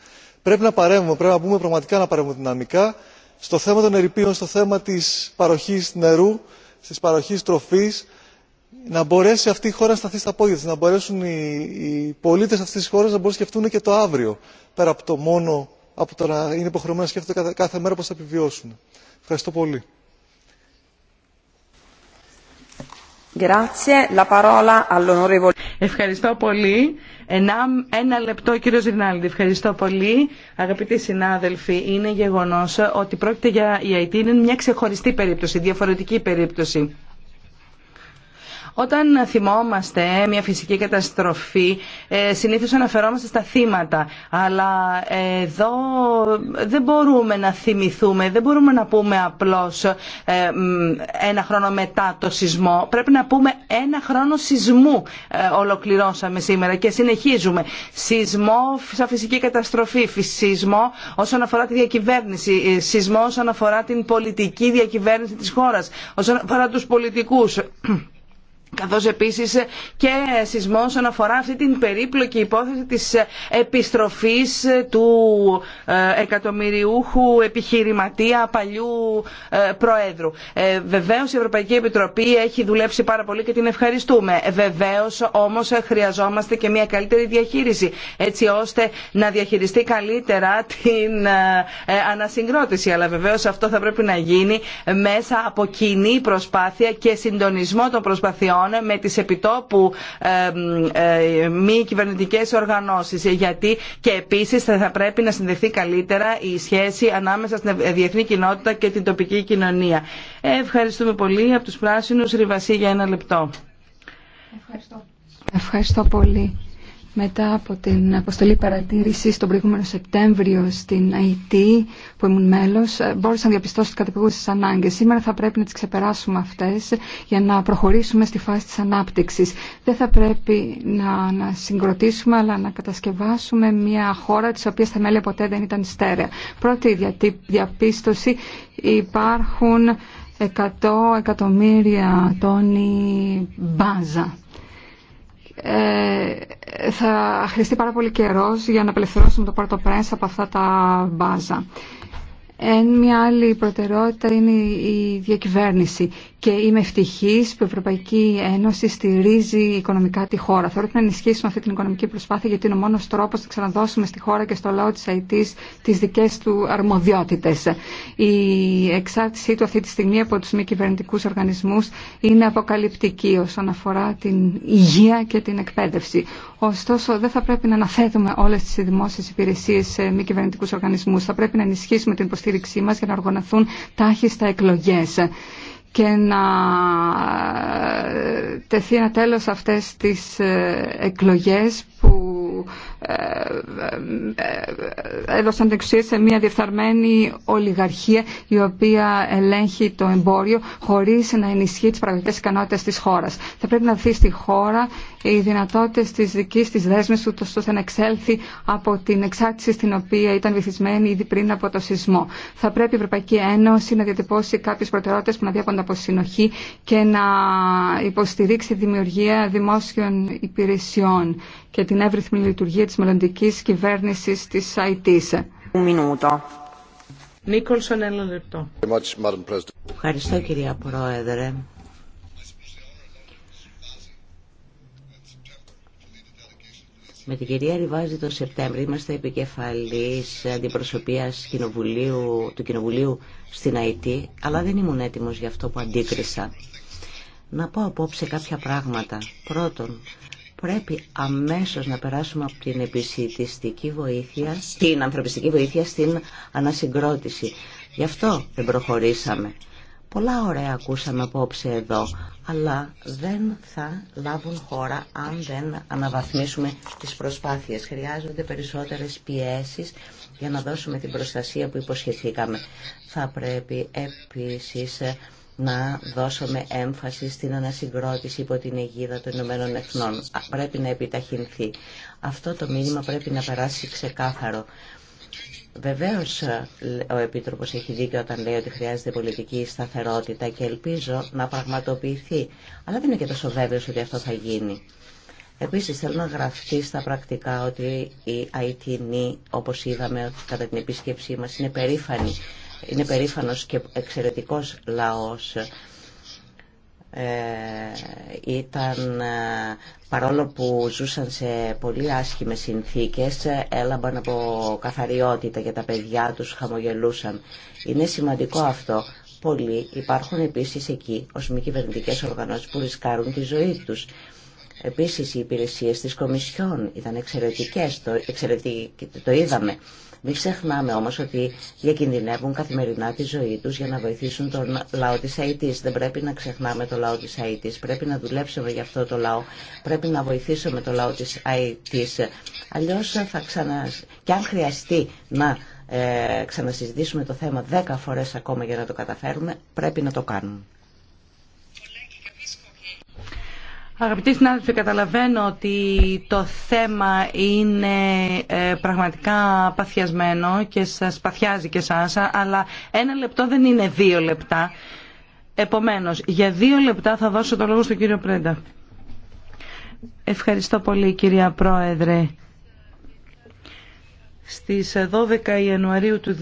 Πρέπει να παρέμβουμε, πρέπει να μπούμε πραγματικά να παρέμβουμε δυναμικά στο θέμα των ερειπίων, στο θέμα τη παροχή νερού, τη παροχή τροφή να μπορέσει αυτή η χώρα να σταθεί στα πόδια της, να μπορέσουν οι, οι πολίτες αυτής της χώρας να μπορούν να σκεφτούν και το αύριο, πέρα από το μόνο από το να είναι υποχρεωμένοι να σκέφτονται κάθε, κάθε μέρα πώς θα επιβιώσουν. Ευχαριστώ πολύ. Ευχαριστώ πολύ. Ένα, ένα λεπτό κύριο Ρινάλντι. Ευχαριστώ πολύ. Αγαπητοί συνάδελφοι, είναι γεγονός ότι πρόκειται για η ΑΕΤ είναι μια ξεχωριστή περίπτωση, διαφορετική περίπτωση όταν θυμόμαστε μια φυσική καταστροφή, ε, συνήθως αναφερόμαστε στα θύματα. Αλλά ε, εδώ δεν μπορούμε να θυμηθούμε, δεν μπορούμε να πούμε απλώς ε, ένα χρόνο μετά το σεισμό. Πρέπει να πούμε ένα χρόνο σεισμού ολοκληρώσαμε σήμερα και συνεχίζουμε. Σεισμό σαν φυσική καταστροφή, σεισμό όσον αφορά τη διακυβέρνηση, σεισμό όσον αφορά την πολιτική διακυβέρνηση της χώρας, όσον αφορά τους πολιτικούς. Καθώ επίση και σεισμό όσον αφορά αυτή την περίπλοκη υπόθεση της επιστροφής του ε, εκατομμυριούχου επιχειρηματία παλιού ε, Προέδρου. Ε, Βεβαίω η Ευρωπαϊκή Επιτροπή έχει δουλέψει πάρα πολύ και την ευχαριστούμε. Βεβαίω όμως χρειαζόμαστε και μια καλύτερη διαχείριση έτσι ώστε να διαχειριστεί καλύτερα την ανασυγκρότηση. Αλλά βεβαίως αυτό θα πρέπει να γίνει μέσα από κοινή προσπάθεια και συντονισμό των προσπαθειών με τις επιτόπου ε, μη κυβερνητικές οργανώσεις γιατί και επίσης θα πρέπει να συνδεθεί καλύτερα η σχέση ανάμεσα στην διεθνή κοινότητα και την τοπική κοινωνία. Ευχαριστούμε πολύ. Από τους Πράσινους, Ριβασί για ένα λεπτό. Ευχαριστώ. Ευχαριστώ πολύ. Μετά από την αποστολή παρατήρηση τον προηγούμενο Σεπτέμβριο στην ΑΕΤ που ήμουν μέλο, ε, μπόρεσα να διαπιστώσω τι κατεπηγούσε ανάγκε. Σήμερα θα πρέπει να τι ξεπεράσουμε αυτέ για να προχωρήσουμε στη φάση τη ανάπτυξη. Δεν θα πρέπει να, να συγκροτήσουμε, αλλά να κατασκευάσουμε μια χώρα τη οποία τα μέλη ποτέ δεν ήταν στέρεα. Πρώτη διαπίστωση υπάρχουν 100 εκατομμύρια τόνοι μπάζα ε, θα χρειαστεί πάρα πολύ καιρός για να απελευθερώσουμε το Πόρτο Πρένς από αυτά τα μπάζα. Εν μια άλλη προτεραιότητα είναι η διακυβέρνηση και είμαι ευτυχή που η Ευρωπαϊκή Ένωση στηρίζει οικονομικά τη χώρα. Θεωρώ ότι να ενισχύσουμε αυτή την οικονομική προσπάθεια γιατί είναι ο μόνο τρόπο να ξαναδώσουμε στη χώρα και στο λαό τη ΑΕΤ τι δικέ του αρμοδιότητε. Η εξάρτησή του αυτή τη στιγμή από του μη κυβερνητικού οργανισμού είναι αποκαλυπτική όσον αφορά την υγεία και την εκπαίδευση. Ωστόσο, δεν θα πρέπει να αναθέτουμε όλε τι δημόσιε υπηρεσίε σε μη κυβερνητικού οργανισμού. Θα πρέπει να ενισχύσουμε την για να οργανωθούν τάχιστα εκλογές και να ε, τεθεί ένα τέλος αυτές τις ε, εκλογές που ε, έδωσαν την εξουσία σε μια διεφθαρμένη ολιγαρχία η οποία ελέγχει το εμπόριο χωρίς να ενισχύει τις πραγματικές ικανότητες της χώρας. Θα πρέπει να δει στη χώρα οι δυνατότητε τη δική τη δέσμευση, του ώστε να εξέλθει από την εξάρτηση στην οποία ήταν βυθισμένη ήδη πριν από το σεισμό. Θα πρέπει η Ευρωπαϊκή Ένωση να διατυπώσει κάποιε προτεραιότητε που να διέπονται από συνοχή και να υποστηρίξει τη δημιουργία δημόσιων υπηρεσιών και την εύρυθμη λειτουργία της μελλοντική κυβέρνηση τη ΑΕΤ. Ευχαριστώ κυρία Πρόεδρε. Με την κυρία Ριβάζη το Σεπτέμβριο είμαστε επικεφαλής αντιπροσωπείας κοινοβουλίου, του Κοινοβουλίου στην ΑΕΤ, αλλά δεν ήμουν έτοιμος για αυτό που αντίκρισα. Να πω απόψε κάποια πράγματα. Πρώτον, πρέπει αμέσως να περάσουμε από την επισητιστική βοήθεια, την ανθρωπιστική βοήθεια, στην ανασυγκρότηση. Γι' αυτό δεν προχωρήσαμε. Πολλά ωραία ακούσαμε απόψε εδώ, αλλά δεν θα λάβουν χώρα αν δεν αναβαθμίσουμε τις προσπάθειες. Χρειάζονται περισσότερες πιέσεις για να δώσουμε την προστασία που υποσχεθήκαμε. Θα πρέπει επίσης ε, να δώσουμε έμφαση στην ανασυγκρότηση υπό την αιγίδα των Ηνωμένων Εθνών. Πρέπει να επιταχυνθεί. Αυτό το μήνυμα πρέπει να περάσει ξεκάθαρο. Βεβαίω, ε, ο επίτροπο έχει δίκιο όταν λέει ότι χρειάζεται πολιτική σταθερότητα και ελπίζω να πραγματοποιηθεί. Αλλά δεν είναι και τόσο βέβαιο ότι αυτό θα γίνει. Επίση, θέλω να γραφτεί στα πρακτικά ότι η ΑΙΤΙΝΗ e, όπω είδαμε κατά την επίσκεψή μα είναι περήφανη. Είναι περήφανο και εξαιρετικό λαό. Ε, ήταν ε, παρόλο που ζούσαν σε πολύ άσχημες συνθήκες ε, έλαμπαν από καθαριότητα για τα παιδιά τους χαμογελούσαν είναι σημαντικό αυτό πολλοί υπάρχουν επίσης εκεί ως μη κυβερνητικέ οργανώσεις που ρισκάρουν τη ζωή τους Επίσης οι υπηρεσίες της Κομισιόν ήταν εξαιρετικές, το, το είδαμε. Μην ξεχνάμε όμω ότι διακινδυνεύουν καθημερινά τη ζωή τους για να βοηθήσουν τον λαό της Αιτή. Δεν πρέπει να ξεχνάμε το λαό της Αιτή, Πρέπει να δουλέψουμε για αυτό το λαό. Πρέπει να βοηθήσουμε το λαό της Αιτή. Αλλιώ θα ξανα... Και αν χρειαστεί να ε, ξανασυζητήσουμε το θέμα δέκα φορές ακόμα για να το καταφέρουμε, πρέπει να το κάνουμε. Αγαπητοί συνάδελφοι, καταλαβαίνω ότι το θέμα είναι ε, πραγματικά παθιασμένο και σας παθιάζει και σας, αλλά ένα λεπτό δεν είναι δύο λεπτά. Επομένως, για δύο λεπτά θα δώσω το λόγο στον κύριο Πρέντα. Ευχαριστώ πολύ κυρία Πρόεδρε. Στις 12 Ιανουαρίου του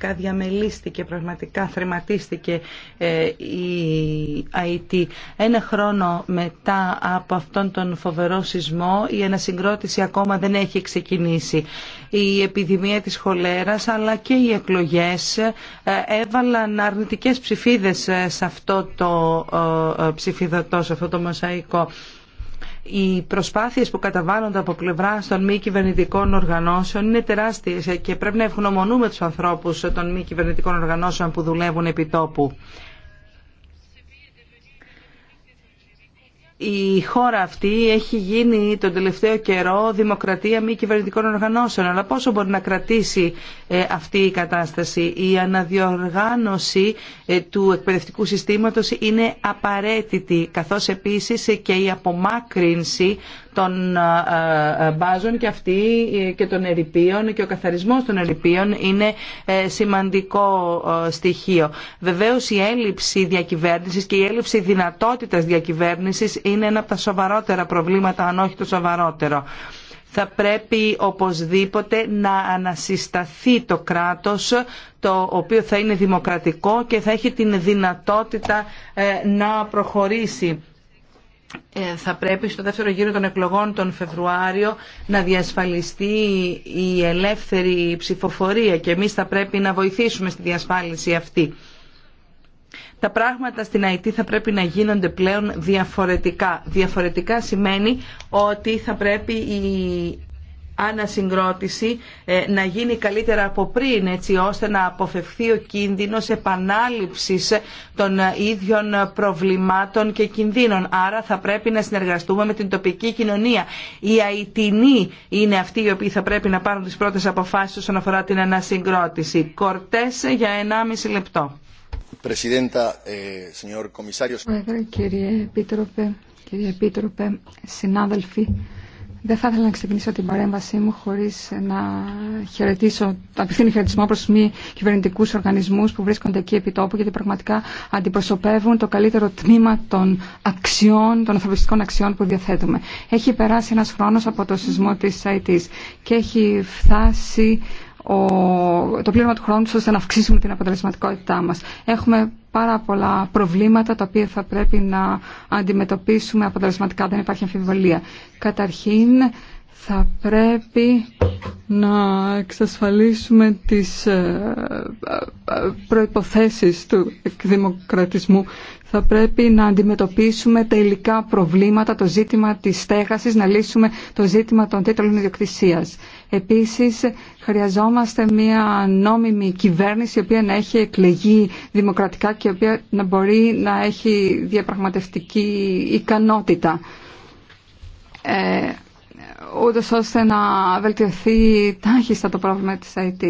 2010 διαμελίστηκε, πραγματικά θρηματίστηκε ε, η ΑΕΤ. Ένα χρόνο μετά από αυτόν τον φοβερό σεισμό η ανασυγκρότηση ακόμα δεν έχει ξεκινήσει. Η επιδημία της χολέρας αλλά και οι εκλογές ε, έβαλαν αρνητικές ψηφίδες ε, σε αυτό το ψηφιδωτό, σε αυτό το μοσαϊκό. Οι προσπάθειες που καταβάλλονται από πλευρά των μη κυβερνητικών οργανώσεων είναι τεράστιες και πρέπει να ευγνωμονούμε τους ανθρώπους των μη κυβερνητικών οργανώσεων που δουλεύουν επί τόπου. η χώρα αυτή έχει γίνει τον τελευταίο καιρό δημοκρατία μη κυβερνητικών οργανώσεων. Αλλά πόσο μπορεί να κρατήσει ε, αυτή η κατάσταση. Η αναδιοργάνωση ε, του εκπαιδευτικού συστήματος είναι απαραίτητη, καθώς επίσης και η απομάκρυνση των ε, μπάζων και αυτή και των ερυπείων και ο καθαρισμός των ερυπείων είναι σημαντικό στοιχείο. Βεβαίως η έλλειψη διακυβέρνησης και η έλλειψη δυνατότητας διακυβέρνησης είναι ένα από τα σοβαρότερα προβλήματα, αν όχι το σοβαρότερο θα πρέπει οπωσδήποτε να ανασυσταθεί το κράτος το οποίο θα είναι δημοκρατικό και θα έχει την δυνατότητα ε, να προχωρήσει. Ε, θα πρέπει στο δεύτερο γύρο των εκλογών τον Φεβρουάριο να διασφαλιστεί η ελεύθερη ψηφοφορία και εμείς θα πρέπει να βοηθήσουμε στη διασφάλιση αυτή τα πράγματα στην ΑΕΤ θα πρέπει να γίνονται πλέον διαφορετικά. Διαφορετικά σημαίνει ότι θα πρέπει η ανασυγκρότηση ε, να γίνει καλύτερα από πριν έτσι ώστε να αποφευθεί ο κίνδυνος επανάληψης των ίδιων προβλημάτων και κινδύνων. Άρα θα πρέπει να συνεργαστούμε με την τοπική κοινωνία. Οι αιτινοί είναι αυτοί οι οποίοι θα πρέπει να πάρουν τις πρώτες αποφάσεις όσον αφορά την ανασυγκρότηση. Κορτές για 1,5 λεπτό. Πρόεδρε, eh, κύριε Επίτροπε, κύριε Επίτροπε, συνάδελφοι, δεν θα ήθελα να ξεκινήσω την παρέμβασή μου χωρίς να χαιρετήσω, απευθύνω χαιρετισμό προς μη κυβερνητικούς οργανισμούς που βρίσκονται εκεί επί τόπου γιατί πραγματικά αντιπροσωπεύουν το καλύτερο τμήμα των αξιών, των ανθρωπιστικών αξιών που διαθέτουμε. Έχει περάσει ένας χρόνος από το σεισμό της ΣΑΙΤΗΣ και έχει φτάσει το πλήρωμα του χρόνου ώστε να αυξήσουμε την αποτελεσματικότητά μας. Έχουμε πάρα πολλά προβλήματα τα οποία θα πρέπει να αντιμετωπίσουμε αποτελεσματικά, δεν υπάρχει αμφιβολία. Καταρχήν θα πρέπει να εξασφαλίσουμε τις ε, ε, ε, προϋποθέσεις του δημοκρατισμού. Θα πρέπει να αντιμετωπίσουμε τα υλικά προβλήματα, το ζήτημα της στέγασης, να λύσουμε το ζήτημα των τίτλων ιδιοκτησίας. Επίσης χρειαζόμαστε μια νόμιμη κυβέρνηση η οποία να έχει εκλεγεί δημοκρατικά και η οποία να μπορεί να έχει διαπραγματευτική ικανότητα ε, ούτως ώστε να βελτιωθεί τάχιστα το πρόβλημα της ΑΕΤ.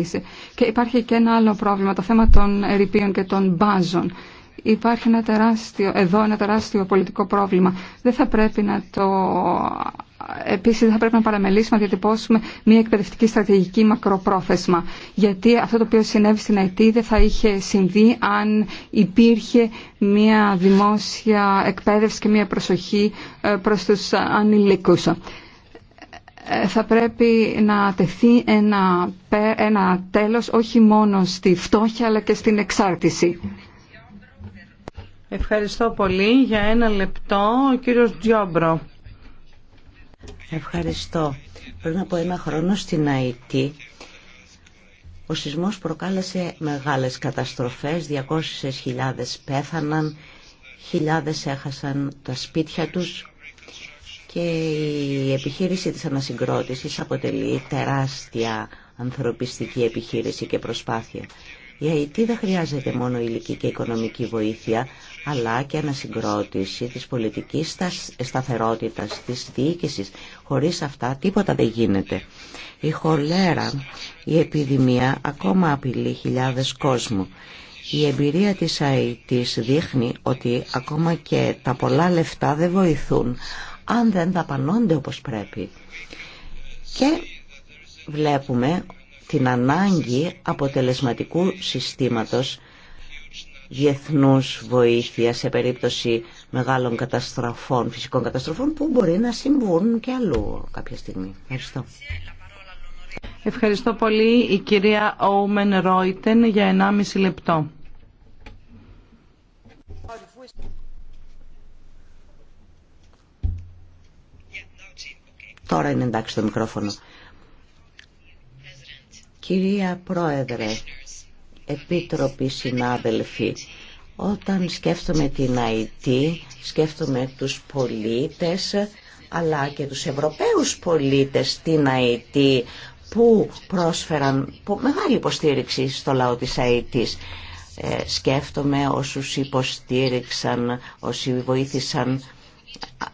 Και υπάρχει και ένα άλλο πρόβλημα, το θέμα των ερυπείων και των μπάζων. Υπάρχει ένα τεράστιο, εδώ ένα τεράστιο πολιτικό πρόβλημα. Δεν θα πρέπει να το επίσης θα πρέπει να παραμελήσουμε να διατυπώσουμε μια εκπαιδευτική στρατηγική μακροπρόθεσμα. Γιατί αυτό το οποίο συνέβη στην Αιτή δεν θα είχε συμβεί αν υπήρχε μια δημόσια εκπαίδευση και μια προσοχή ε, προς τους ανηλίκους. Ε, θα πρέπει να τεθεί ένα, ένα τέλος όχι μόνο στη φτώχεια αλλά και στην εξάρτηση. Ευχαριστώ πολύ. Για ένα λεπτό ο κύριος Τζιόμπρο. Ευχαριστώ. Πριν από ένα χρόνο στην ΑΕΤ ο σεισμός προκάλεσε μεγάλες καταστροφές, 200.000 πέθαναν, χιλιάδες έχασαν τα σπίτια τους και η επιχείρηση της ανασυγκρότησης αποτελεί τεράστια ανθρωπιστική επιχείρηση και προσπάθεια. Η ΑΕΤ δεν χρειάζεται μόνο ηλική και οικονομική βοήθεια, αλλά και ανασυγκρότηση της πολιτικής σταθερότητας, της διοίκησης. Χωρίς αυτά τίποτα δεν γίνεται. Η χολέρα, η επιδημία ακόμα απειλεί χιλιάδες κόσμου. Η εμπειρία της ΑΕΤ δείχνει ότι ακόμα και τα πολλά λεφτά δεν βοηθούν αν δεν δαπανώνται όπως πρέπει. Και βλέπουμε την ανάγκη αποτελεσματικού συστήματος διεθνούς βοήθεια σε περίπτωση μεγάλων καταστροφών, φυσικών καταστροφών που μπορεί να συμβούν και αλλού κάποια στιγμή. Ευχαριστώ. Ευχαριστώ πολύ η κυρία Όμεν Ρόιτεν για 1,5 λεπτό. Τώρα είναι εντάξει το μικρόφωνο. Κυρία Πρόεδρε, Επίτροποι συνάδελφοι, όταν σκέφτομαι την ΑΕΤ, σκέφτομαι τους πολίτες, αλλά και τους Ευρωπαίους πολίτες στην ΑΕΤ που πρόσφεραν μεγάλη υποστήριξη στο λαό της ΑΕΤ. σκέφτομαι όσους υποστήριξαν, όσοι βοήθησαν.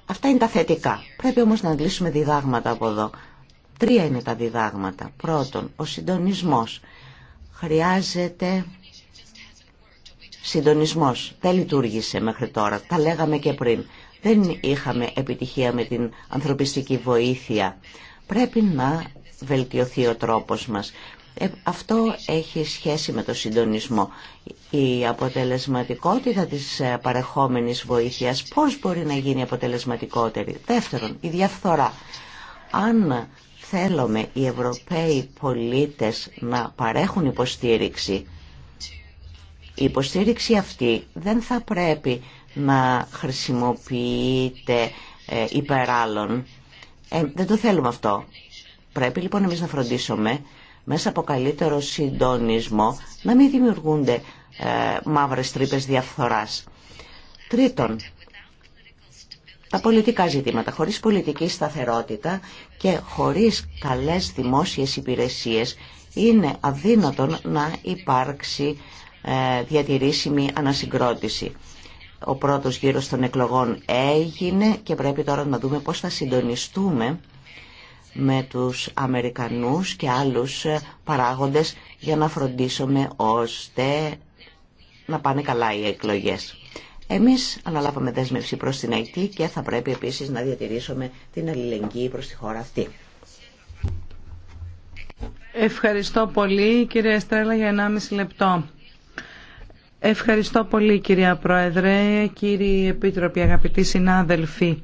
Αυτά είναι τα θετικά. Πρέπει όμως να αντλήσουμε διδάγματα από εδώ. Τρία είναι τα διδάγματα. Πρώτον, ο συντονισμός. Χρειάζεται συντονισμός. Δεν λειτουργήσε μέχρι τώρα. Τα λέγαμε και πριν. Δεν είχαμε επιτυχία με την ανθρωπιστική βοήθεια. Πρέπει να βελτιωθεί ο τρόπος μας. Ε, αυτό έχει σχέση με το συντονισμό. Η αποτελεσματικότητα της ε, παρεχόμενης βοήθειας πώς μπορεί να γίνει αποτελεσματικότερη. Δεύτερον, η διαφθορά. Αν Θέλουμε οι Ευρωπαίοι πολίτες να παρέχουν υποστήριξη. Η υποστήριξη αυτή δεν θα πρέπει να χρησιμοποιείται ε, υπερ άλλων. Ε, δεν το θέλουμε αυτό. Πρέπει λοιπόν εμείς να φροντίσουμε μέσα από καλύτερο συντονισμό να μην δημιουργούνται ε, μαύρες τρύπες διαφθοράς. Τρίτον, τα πολιτικά ζητήματα. Χωρίς πολιτική σταθερότητα και χωρίς καλές δημόσιες υπηρεσίες είναι αδύνατον να υπάρξει ε, διατηρήσιμη ανασυγκρότηση. Ο πρώτος γύρος των εκλογών έγινε και πρέπει τώρα να δούμε πώς θα συντονιστούμε με τους Αμερικανούς και άλλους ε, παράγοντες για να φροντίσουμε ώστε να πάνε καλά οι εκλογές. Εμείς αναλάβαμε δέσμευση προς την Αιτή και θα πρέπει επίσης να διατηρήσουμε την αλληλεγγύη προς τη χώρα αυτή. Ευχαριστώ πολύ κύριε Εστρέλα για 1,5 λεπτό. Ευχαριστώ πολύ κυρία Πρόεδρε, κύριοι Επίτροποι, αγαπητοί συνάδελφοι.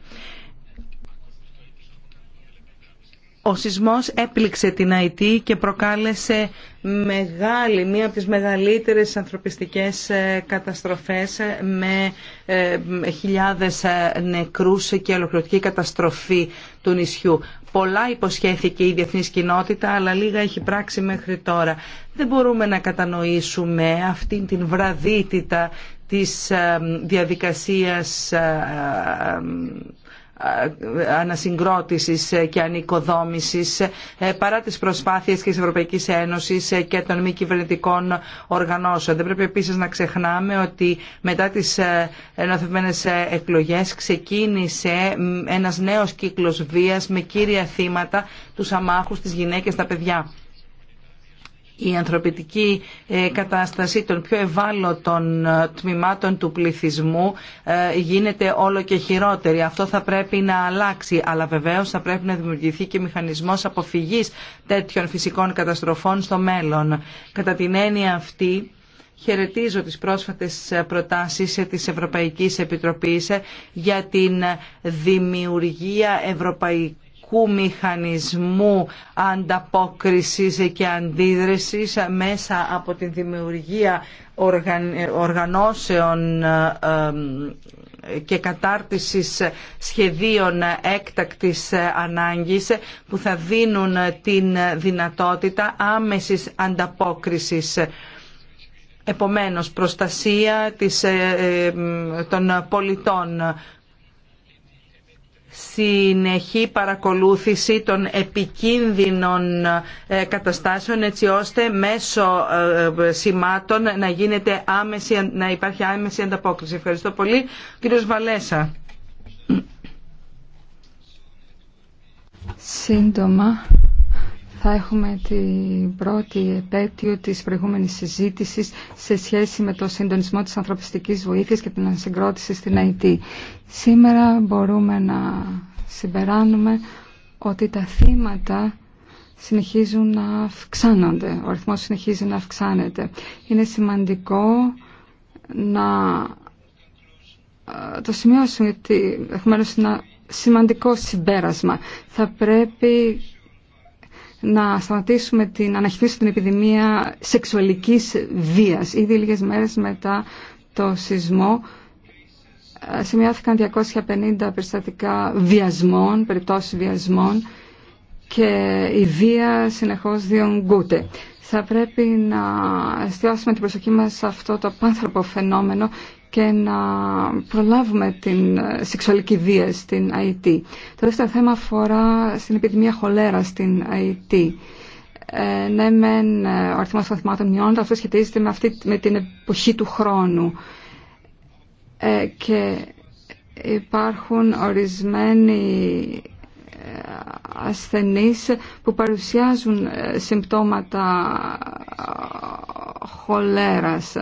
Ο σεισμός έπληξε την Αϊτή και προκάλεσε μεγάλη, μία από τις μεγαλύτερες ανθρωπιστικές ε, καταστροφές ε, με ε, χιλιάδες νεκρούς και ολοκληρωτική καταστροφή του νησιού. Πολλά υποσχέθηκε η διεθνής κοινότητα, αλλά λίγα έχει πράξει μέχρι τώρα. Δεν μπορούμε να κατανοήσουμε αυτήν την βραδύτητα της διαδικασίας ανασυγκρότησης και ανοικοδόμησης ε, παρά τις προσπάθειες της Ευρωπαϊκής Ένωσης ε, και των μη κυβερνητικών οργανώσεων. Δεν πρέπει επίσης να ξεχνάμε ότι μετά τις ε, ενωθευμένες εκλογές ξεκίνησε ένας νέος κύκλος βίας με κύρια θύματα τους αμάχους, τις γυναίκες, τα παιδιά η ανθρωπιτική ε, κατάσταση των πιο ευάλωτων ε, τμήματων του πληθυσμού ε, γίνεται όλο και χειρότερη. Αυτό θα πρέπει να αλλάξει, αλλά βεβαίως θα πρέπει να δημιουργηθεί και μηχανισμός αποφυγής τέτοιων φυσικών καταστροφών στο μέλλον. Κατά την έννοια αυτή, χαιρετίζω τις πρόσφατες προτάσεις της Ευρωπαϊκής Επιτροπής για την δημιουργία ευρωπαϊκού μηχανισμού ανταπόκρισης και αντίδρασης μέσα από την δημιουργία οργανώσεων και κατάρτισης σχεδίων έκτακτης ανάγκης που θα δίνουν την δυνατότητα άμεσης ανταπόκρισης. Επομένως, προστασία ε, ε, των πολιτών, συνεχή παρακολούθηση των επικίνδυνων ε, καταστάσεων έτσι ώστε μέσω ε, σημάτων να, γίνεται άμεση, να υπάρχει άμεση ανταπόκριση. Ευχαριστώ πολύ. Κύριος Βαλέσα. Σύντομα θα έχουμε την πρώτη επέτειο της προηγούμενης συζήτησης σε σχέση με το συντονισμό της ανθρωπιστικής βοήθειας και την ανασυγκρότηση στην ΑΕΤ. Σήμερα μπορούμε να συμπεράνουμε ότι τα θύματα συνεχίζουν να αυξάνονται, ο αριθμός συνεχίζει να αυξάνεται. Είναι σημαντικό να ε, το σημειώσουμε γιατί έχουμε ένα σημαντικό συμπέρασμα. Θα πρέπει να σταματήσουμε την αναχαιτήση την επιδημία σεξουαλικής βίας. Ήδη λίγες μέρες μετά το σεισμό σημειώθηκαν 250 περιστατικά βιασμών, περιπτώσεις βιασμών και η βία συνεχώς διονγκούται. Θα πρέπει να εστιάσουμε την προσοχή μας σε αυτό το απάνθρωπο φαινόμενο και να προλάβουμε την σεξουαλική βία στην ΑΕΤ. Το δεύτερο θέμα αφορά στην επιδημία χολέρα στην ΑΕΤ. Ε, ναι, μεν ο αριθμός των θυμάτων μειώνεται, αυτό σχετίζεται με, αυτή, με την εποχή του χρόνου. Ε, και υπάρχουν ορισμένοι ε, ασθενείς που παρουσιάζουν ε, συμπτώματα χολέρας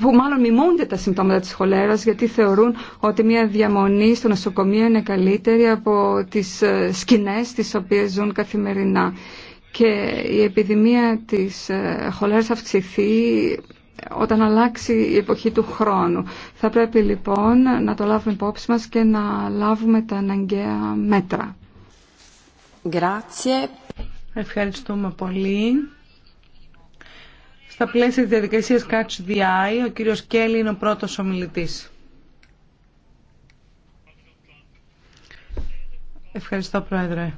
που μάλλον μιμούνται τα συμπτώματα της χολέρας γιατί θεωρούν ότι μια διαμονή στο νοσοκομείο είναι καλύτερη από τις σκηνές τις οποίες ζουν καθημερινά και η επιδημία της χολέρας αυξηθεί όταν αλλάξει η εποχή του χρόνου. Θα πρέπει λοιπόν να το λάβουμε υπόψη μας και να λάβουμε τα αναγκαία μέτρα. Ευχαριστούμε πολύ. Στα πλαίσια της διαδικασίας Catch the Eye, ο κύριος Κέλλη είναι ο πρώτος ομιλητής. Ευχαριστώ, Πρόεδρε.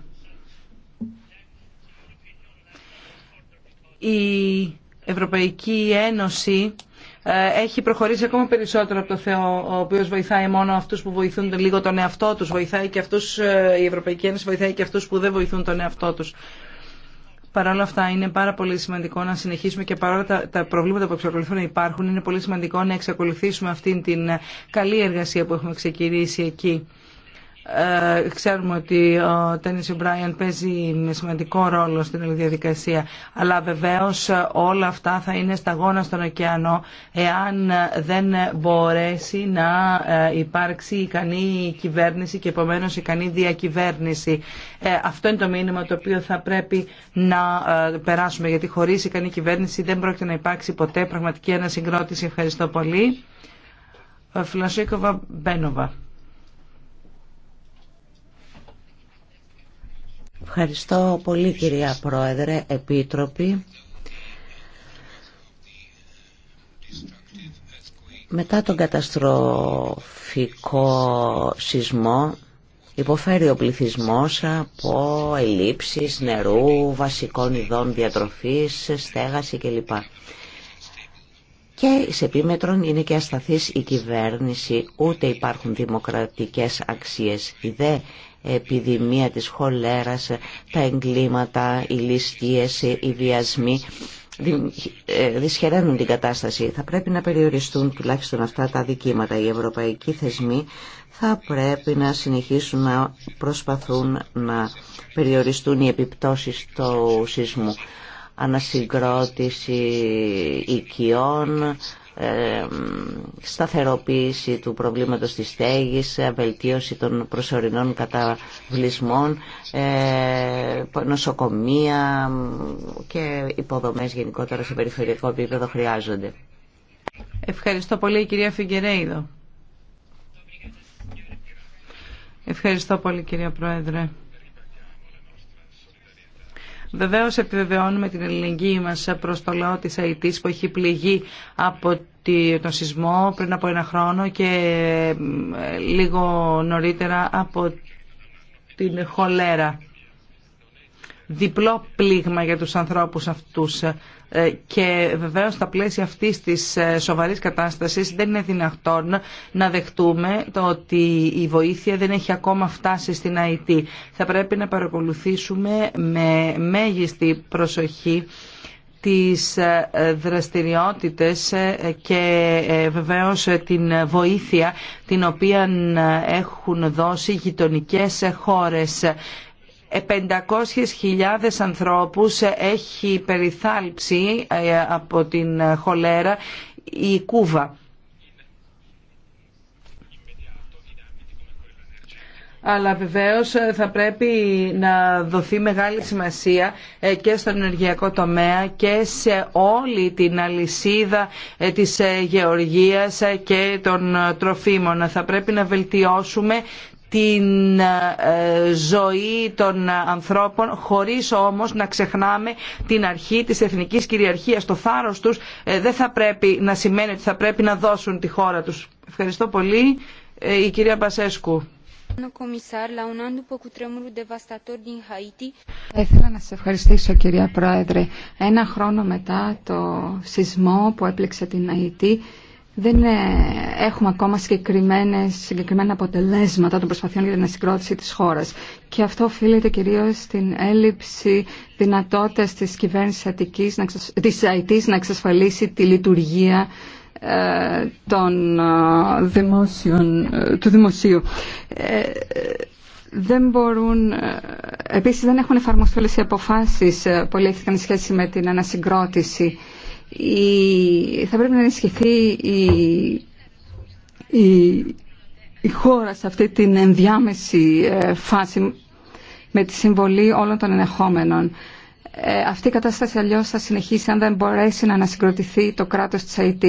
Η Ευρωπαϊκή Ένωση ε, έχει προχωρήσει ακόμα περισσότερο από το Θεό, ο οποίο βοηθάει μόνο αυτού που βοηθούν λίγο τον εαυτό του. Βοηθάει και αυτούς, ε, η Ευρωπαϊκή Ένωση βοηθάει και αυτού που δεν βοηθούν τον εαυτό του. Παρ' όλα αυτά, είναι πάρα πολύ σημαντικό να συνεχίσουμε και παρόλα τα, τα προβλήματα που εξακολουθούν να υπάρχουν, είναι πολύ σημαντικό να εξακολουθήσουμε αυτήν την ε, καλή εργασία που έχουμε ξεκινήσει εκεί. Ε, ξέρουμε ότι ο Τένις Μπράιαν παίζει σημαντικό ρόλο στην όλη διαδικασία αλλά βεβαίως όλα αυτά θα είναι σταγόνα στον ωκεανό εάν δεν μπορέσει να ε, υπάρξει ικανή κυβέρνηση και επομένως ικανή διακυβέρνηση. Ε, αυτό είναι το μήνυμα το οποίο θα πρέπει να περάσουμε γιατί χωρίς ικανή κυβέρνηση δεν πρόκειται να υπάρξει ποτέ πραγματική ανασυγκρότηση. Ευχαριστώ πολύ. Φλασίκοβα Μπένοβα. Ευχαριστώ πολύ κυρία Πρόεδρε, Επίτροπη. Μετά τον καταστροφικό σεισμό υποφέρει ο πληθυσμός από ελλείψεις νερού, βασικών ειδών διατροφής, στέγαση κλπ. Και σε επίμετρον είναι και ασταθής η κυβέρνηση, ούτε υπάρχουν δημοκρατικές αξίες. Η δε επιδημία της χολέρας, τα εγκλήματα, οι ληστείες, οι βιασμοί ε, δυσχεραίνουν την κατάσταση. Θα πρέπει να περιοριστούν τουλάχιστον αυτά τα δικήματα. Οι ευρωπαϊκοί θεσμοί θα πρέπει να συνεχίσουν να προσπαθούν να περιοριστούν οι επιπτώσεις του σεισμού. Ανασυγκρότηση οικειών, σταθεροποίηση του προβλήματος της στέγης, βελτίωση των προσωρινών καταβλισμών, ε, νοσοκομεία και υποδομές γενικότερα σε περιφερειακό επίπεδο χρειάζονται. Ευχαριστώ πολύ κυρία Φιγκερέιδο. Ευχαριστώ πολύ κυρία Πρόεδρε. Βεβαίω επιβεβαιώνουμε την ελληνική μα προ το λαό τη Αϊτή που έχει πληγεί από τον σεισμό πριν από ένα χρόνο και ε, λίγο νωρίτερα από την χολέρα διπλό πλήγμα για τους ανθρώπους αυτούς ε, και βεβαίως στα πλαίσια αυτής της ε, σοβαρής κατάστασης δεν είναι δυνατόν να δεχτούμε το ότι η βοήθεια δεν έχει ακόμα φτάσει στην ΑΕΤ. Θα πρέπει να παρακολουθήσουμε με μέγιστη προσοχή τις ε, δραστηριότητες και βεβαίως την βοήθεια την οποία έχουν δώσει γειτονικές χώρες. 500.000 ανθρώπους έχει περιθάλψει ε, από την χολέρα η Κούβα. αλλά βεβαίως θα πρέπει να δοθεί μεγάλη σημασία ε, και στον ενεργειακό τομέα και σε όλη την αλυσίδα ε, της γεωργίας και των τροφίμων. Θα πρέπει να βελτιώσουμε την ε, ζωή των ανθρώπων χωρίς όμως να ξεχνάμε την αρχή της εθνικής κυριαρχίας. Το θάρρος τους ε, δεν θα πρέπει να σημαίνει ότι θα πρέπει να δώσουν τη χώρα τους. Ευχαριστώ πολύ. Ε, η κυρία Μπασέσκου. Θα ήθελα να σε ευχαριστήσω κυρία Πρόεδρε. Ένα χρόνο μετά το σεισμό που έπληξε την Αϊτή δεν έχουμε ακόμα συγκεκριμένα αποτελέσματα των προσπαθειών για την ασυγκρότηση της χώρας. Και αυτό οφείλεται κυρίως στην έλλειψη δυνατότητας της κυβέρνησης Αττικής, της ΑΕΤΙΣ να εξασφαλίσει τη λειτουργία ε, των ε, δημόσιων, ε, του δημοσίου. δεν μπορούν, επίσης δεν έχουν εφαρμοστεί όλες οι αποφάσεις που ελέγχθηκαν σχέση με την ανασυγκρότηση η, θα πρέπει να ενισχυθεί η, η, η χώρα σε αυτή την ενδιάμεση ε, φάση με τη συμβολή όλων των ενεχόμενων. Ε, αυτή η κατάσταση αλλιώ θα συνεχίσει αν δεν μπορέσει να ανασυγκροτηθεί το κράτο τη ΑΕΤ,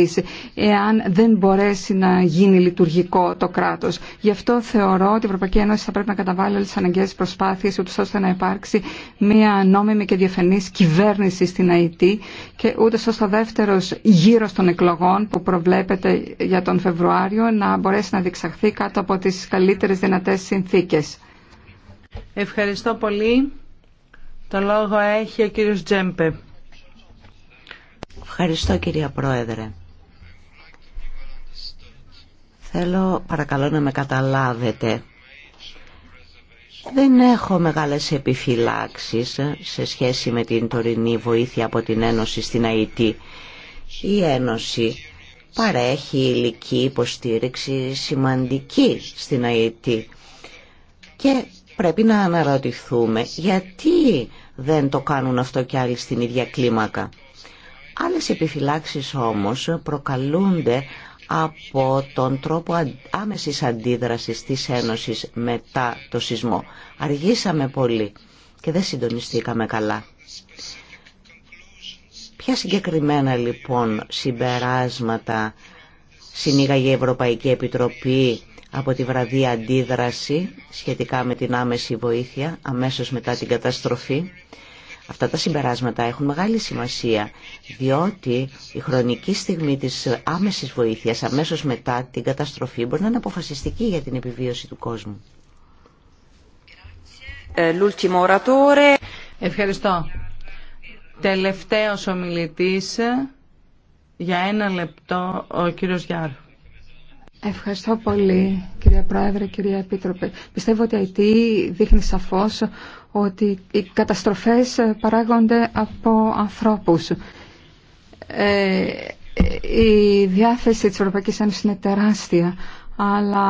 εάν δεν μπορέσει να γίνει λειτουργικό το κράτο. Γι' αυτό θεωρώ ότι η Ευρωπαϊκή Ένωση θα πρέπει να καταβάλει όλε τι αναγκαίε προσπάθειε ούτως ώστε να υπάρξει μια νόμιμη και διαφανής κυβέρνηση στην Αιτή και ούτω ώστε ο δεύτερο γύρο των εκλογών που προβλέπεται για τον Φεβρουάριο να μπορέσει να διεξαχθεί κάτω από τι καλύτερε δυνατέ συνθήκε. Ευχαριστώ πολύ. Το λόγο έχει ο κύριος Τζέμπε. Ευχαριστώ κυρία Πρόεδρε. Θέλω παρακαλώ να με καταλάβετε. Δεν έχω μεγάλες επιφυλάξεις ε, σε σχέση με την τωρινή βοήθεια από την Ένωση στην ΑΕΤ. Η Ένωση παρέχει υλική υποστήριξη σημαντική στην ΑΕΤ και πρέπει να αναρωτηθούμε γιατί δεν το κάνουν αυτό κι άλλοι στην ίδια κλίμακα. Άλλες επιφυλάξεις όμως προκαλούνται από τον τρόπο άμεσης αντίδρασης της Ένωσης μετά το σεισμό. Αργήσαμε πολύ και δεν συντονιστήκαμε καλά. Ποια συγκεκριμένα λοιπόν συμπεράσματα συνήγαγε η Ευρωπαϊκή Επιτροπή από τη βραδία αντίδραση σχετικά με την άμεση βοήθεια αμέσως μετά την καταστροφή. Αυτά τα συμπεράσματα έχουν μεγάλη σημασία, διότι η χρονική στιγμή της άμεσης βοήθειας αμέσως μετά την καταστροφή μπορεί να είναι αποφασιστική για την επιβίωση του κόσμου. Ε, Ευχαριστώ. Τελευταίος ομιλητής ε, για ένα λεπτό ο κύριος Γιάρου. Ευχαριστώ πολύ κυρία Πρόεδρε, κυρία Επίτροπε. Πιστεύω ότι η ΑΕΤ δείχνει σαφώς ότι οι καταστροφές παράγονται από ανθρώπους. Ε, η διάθεση της Ευρωπαϊκής Ένωσης είναι τεράστια αλλά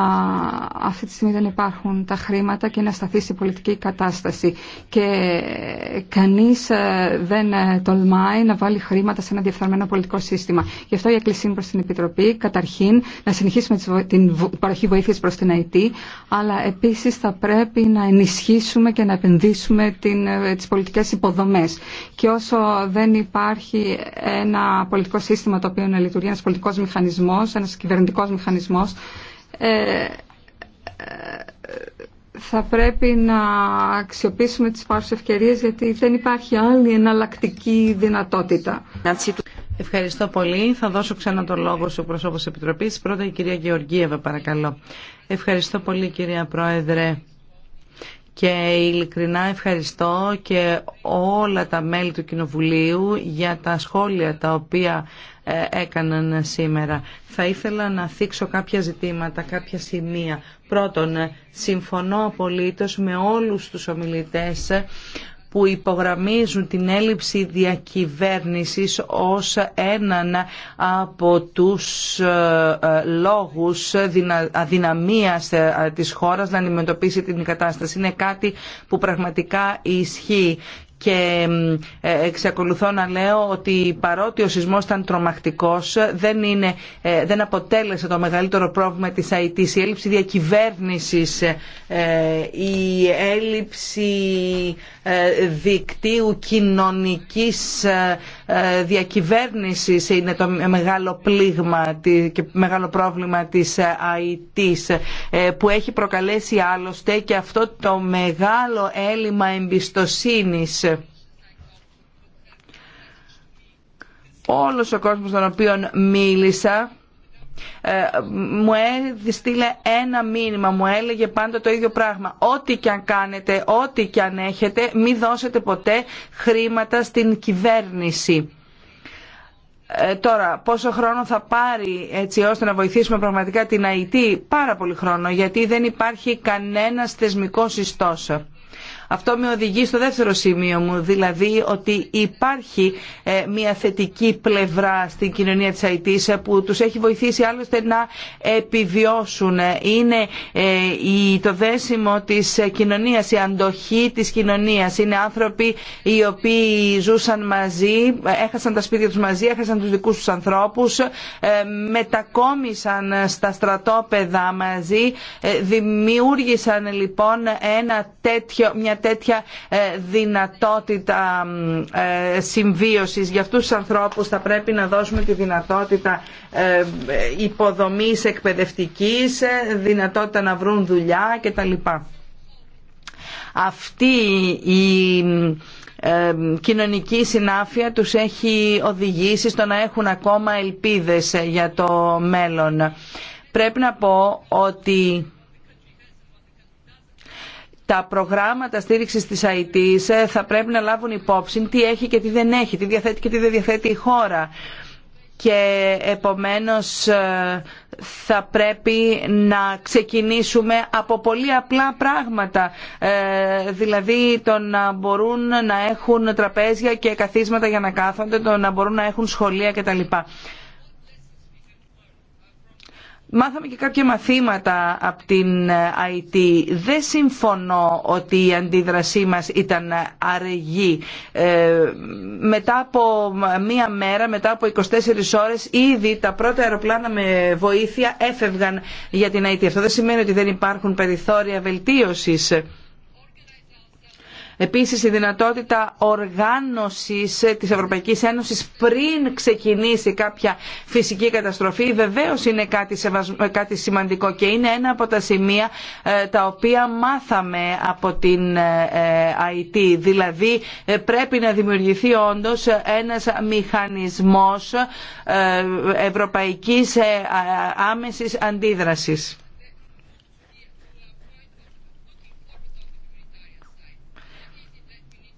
αυτή τη στιγμή δεν υπάρχουν τα χρήματα και είναι σταθεί η πολιτική κατάσταση και κανείς ε, δεν ε, τολμάει να βάλει χρήματα σε ένα διεφθαρμένο πολιτικό σύστημα. Γι' αυτό η εκκλησία προς την Επιτροπή, καταρχήν να συνεχίσουμε την παροχή βοήθειας προς την ΑΕΤ, αλλά επίσης θα πρέπει να ενισχύσουμε και να επενδύσουμε τι ε, τις πολιτικές υποδομές. Και όσο δεν υπάρχει ένα πολιτικό σύστημα το οποίο να λειτουργεί, ένας πολιτικός μηχανισμός, ένας κυβερνητικό μηχανισμό. Ε, ε, θα πρέπει να αξιοποιήσουμε τις πάρους ευκαιρίες γιατί δεν υπάρχει άλλη εναλλακτική δυνατότητα. Ευχαριστώ πολύ. Θα δώσω ξανά τον λόγο στους πρόσωπο της Επιτροπής. Πρώτα η κυρία Γεωργίευα παρακαλώ. Ευχαριστώ πολύ κυρία Πρόεδρε και ειλικρινά ευχαριστώ και όλα τα μέλη του Κοινοβουλίου για τα σχόλια τα οποία έκαναν σήμερα. Θα ήθελα να θίξω κάποια ζητήματα, κάποια σημεία. Πρώτον, συμφωνώ απολύτως με όλους τους ομιλητές που υπογραμμίζουν την έλλειψη διακυβέρνησης ως έναν από τους ε, ε, λόγους αδυναμίας ε, της χώρας να αντιμετωπίσει την κατάσταση. Είναι κάτι που πραγματικά ισχύει και ε, εξακολουθώ να λέω ότι παρότι ο σεισμός ήταν τρομακτικός δεν, είναι, ε, δεν αποτέλεσε το μεγαλύτερο πρόβλημα της ΑΕΤ η έλλειψη διακυβέρνησης ε, η έλλειψη ε, δικτύου κοινωνικής ε, ε, διακυβέρνησης είναι το μεγάλο πλήγμα και μεγάλο πρόβλημα της ΑΕΤ που έχει προκαλέσει άλλωστε και αυτό το μεγάλο έλλειμμα εμπιστοσύνης. Όλος ο κόσμος τον οποίο μίλησα ε, μου έστειλε ένα μήνυμα, μου έλεγε πάντα το ίδιο πράγμα. Ό,τι και αν κάνετε, ό,τι και αν έχετε, μη δώσετε ποτέ χρήματα στην κυβέρνηση. Ε, τώρα, πόσο χρόνο θα πάρει έτσι ώστε να βοηθήσουμε πραγματικά την ΑΕΤ, πάρα πολύ χρόνο, γιατί δεν υπάρχει κανένας θεσμικός ιστός. Αυτό με οδηγεί στο δεύτερο σημείο μου, δηλαδή ότι υπάρχει ε, μια θετική πλευρά στην κοινωνία της ΑΕΤ που τους έχει βοηθήσει άλλωστε να επιβιώσουν. Ε, είναι ε, το δέσιμο της κοινωνίας, η αντοχή της κοινωνίας. Είναι άνθρωποι οι οποίοι ζούσαν μαζί, έχασαν τα σπίτια τους μαζί, έχασαν τους δικούς τους ανθρώπους, μετακόμισαν στα στρατόπεδα μαζί, δημιούργησαν λοιπόν ένα τέτοιο, τέτοια ε, δυνατότητα ε, συμβίωσης. Για αυτούς τους ανθρώπους θα πρέπει να δώσουμε τη δυνατότητα ε, υποδομής εκπαιδευτικής, δυνατότητα να βρουν δουλειά κτλ. Αυτή η κοινωνική συνάφεια τους έχει οδηγήσει στο να έχουν ακόμα ελπίδες για το μέλλον. Πρέπει να πω ότι τα προγράμματα στήριξης της ΑΕΤΙΣ θα πρέπει να λάβουν υπόψη τι έχει και τι δεν έχει, τι διαθέτει και τι δεν διαθέτει η χώρα και επομένως ε, θα πρέπει να ξεκινήσουμε από πολύ απλά πράγματα ε, δηλαδή το να μπορούν να έχουν τραπέζια και καθίσματα για να κάθονται, το να μπορούν να έχουν σχολεία κτλ. Μάθαμε και κάποια μαθήματα από την ε, IT. Δεν συμφωνώ ότι η αντίδρασή μας ήταν αργή. Ε, μετά από μία μέρα, μετά από 24 ώρες, ήδη τα πρώτα αεροπλάνα με βοήθεια έφευγαν για την IT. Αυτό δεν σημαίνει ότι δεν υπάρχουν περιθώρια βελτίωσης. Επίσης η δυνατότητα οργάνωσης της Ευρωπαϊκής Ένωσης πριν ξεκινήσει κάποια φυσική καταστροφή βεβαίως είναι κάτι, σημαντικό και είναι ένα από τα σημεία ε, τα οποία μάθαμε από την ε, ε, IT. Δηλαδή πρέπει να δημιουργηθεί όντως ένας μηχανισμός ευρωπαϊκής άμεσης αντίδρασης.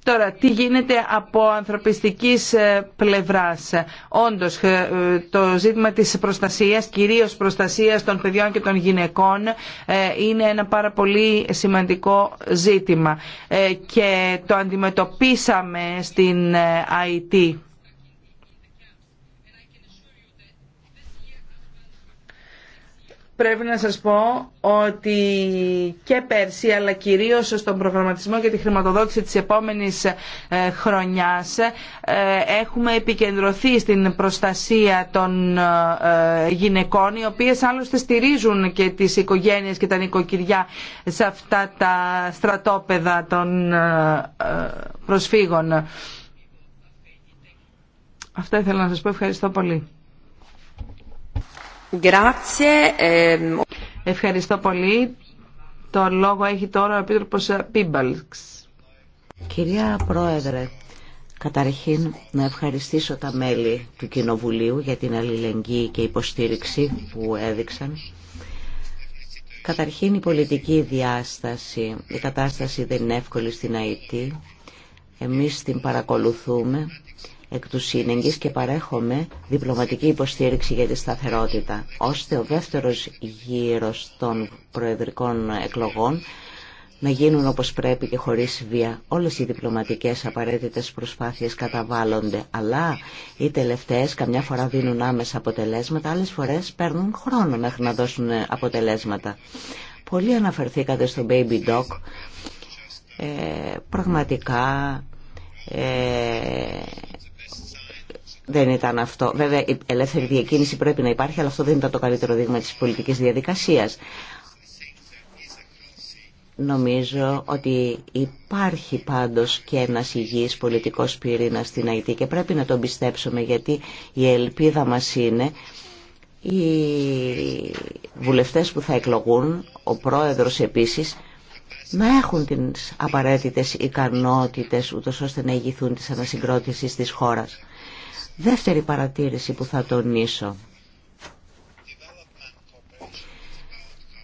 Τώρα, τι γίνεται από ανθρωπιστικής ε, πλευράς. Όντως, ε, το ζήτημα της προστασίας, κυρίως προστασίας των παιδιών και των γυναικών, ε, είναι ένα πάρα πολύ σημαντικό ζήτημα. Και το αντιμετωπίσαμε στην ΑΙΤ. πρέπει να σας πω ότι και πέρσι αλλά κυρίως στον προγραμματισμό και τη χρηματοδότηση της επόμενης ε, χρονιάς ε, έχουμε επικεντρωθεί στην προστασία των ε, γυναικών οι οποίες άλλωστε στηρίζουν και τις οικογένειες και τα νοικοκυριά σε αυτά τα στρατόπεδα των προσφύγων. Αυτά ήθελα να σας πω. Ευχαριστώ πολύ. Ehm, Ευχαριστώ πολύ. Το λόγο έχει τώρα ο Επίτροπος ε, Πίμπαλξ. Κυρία Πρόεδρε, καταρχήν να ευχαριστήσω τα μέλη του Κοινοβουλίου για την αλληλεγγύη και υποστήριξη που έδειξαν. Καταρχήν η πολιτική διάσταση, η κατάσταση δεν είναι εύκολη στην ΑΕΤ. Εμείς την παρακολουθούμε εκ του σύνεγγης και παρέχομαι διπλωματική υποστήριξη για τη σταθερότητα, ώστε ο δεύτερος γύρος των προεδρικών εκλογών να γίνουν όπως πρέπει και χωρίς βία. Όλες οι διπλωματικές απαραίτητες προσπάθειες καταβάλλονται, αλλά οι τελευταίες καμιά φορά δίνουν άμεσα αποτελέσματα, άλλες φορές παίρνουν χρόνο μέχρι να δώσουν αποτελέσματα. Πολλοί αναφερθήκατε στο Baby Doc. Ε, πραγματικά ε, δεν ήταν αυτό. Βέβαια η ελεύθερη διακίνηση πρέπει να υπάρχει, αλλά αυτό δεν ήταν το καλύτερο δείγμα της πολιτικής διαδικασίας. Νομίζω ότι υπάρχει πάντως και ένας υγιής πολιτικός πυρήνας στην Αϊτή και πρέπει να τον πιστέψουμε γιατί η ελπίδα μας είναι οι βουλευτές που θα εκλογούν, ο πρόεδρος επίσης, να έχουν τις απαραίτητες ικανότητες ούτως ώστε να ηγηθούν της ανασυγκρότησης της χώρας. Δεύτερη παρατήρηση που θα τονίσω.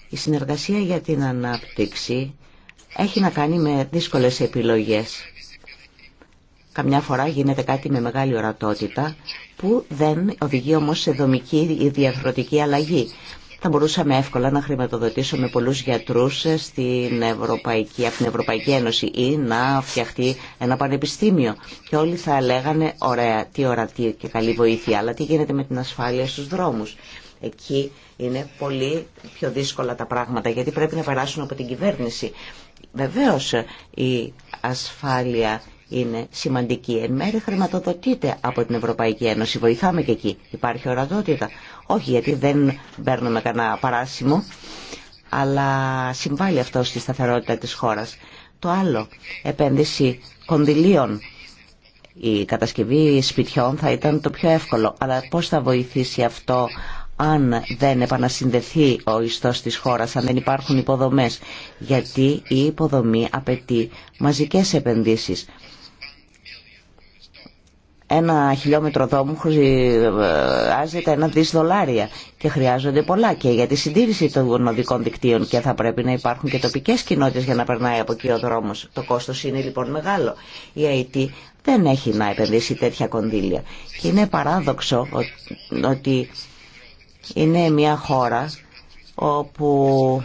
Η συνεργασία για την ανάπτυξη έχει να κάνει με δύσκολες επιλογές. Καμιά φορά γίνεται κάτι με μεγάλη ορατότητα που δεν οδηγεί όμως σε δομική ή διαφορετική αλλαγή θα μπορούσαμε εύκολα να χρηματοδοτήσουμε πολλούς γιατρούς στην Ευρωπαϊκή, από την Ευρωπαϊκή Ένωση ή να φτιαχτεί ένα πανεπιστήμιο. Και όλοι θα λέγανε, ωραία, τι ορατή και καλή βοήθεια, αλλά τι γίνεται με την ασφάλεια στους δρόμους. Εκεί είναι πολύ πιο δύσκολα τα πράγματα, γιατί πρέπει να περάσουν από την κυβέρνηση. Βεβαίως η ασφάλεια είναι σημαντική. Εν μέρει χρηματοδοτείται από την Ευρωπαϊκή Ένωση. Βοηθάμε και εκεί. Υπάρχει ορατότητα. Όχι γιατί δεν παίρνουμε κανένα παράσημο, αλλά συμβάλλει αυτό στη σταθερότητα της χώρας. Το άλλο, επένδυση κονδυλίων. Η κατασκευή σπιτιών θα ήταν το πιο εύκολο, αλλά πώς θα βοηθήσει αυτό αν δεν επανασυνδεθεί ο ιστός της χώρας, αν δεν υπάρχουν υποδομές, γιατί η υποδομή απαιτεί μαζικές επενδύσεις. Ένα χιλιόμετρο δρόμου χρειάζεται ένα δις δολάρια και χρειάζονται πολλά και για τη συντήρηση των οδικών δικτύων και θα πρέπει να υπάρχουν και τοπικές κοινότητες για να περνάει από εκεί ο δρόμος. Το κόστος είναι λοιπόν μεγάλο. Η ΑΕΤ δεν έχει να επενδύσει τέτοια κονδύλια. Και είναι παράδοξο ότι είναι μια χώρα όπου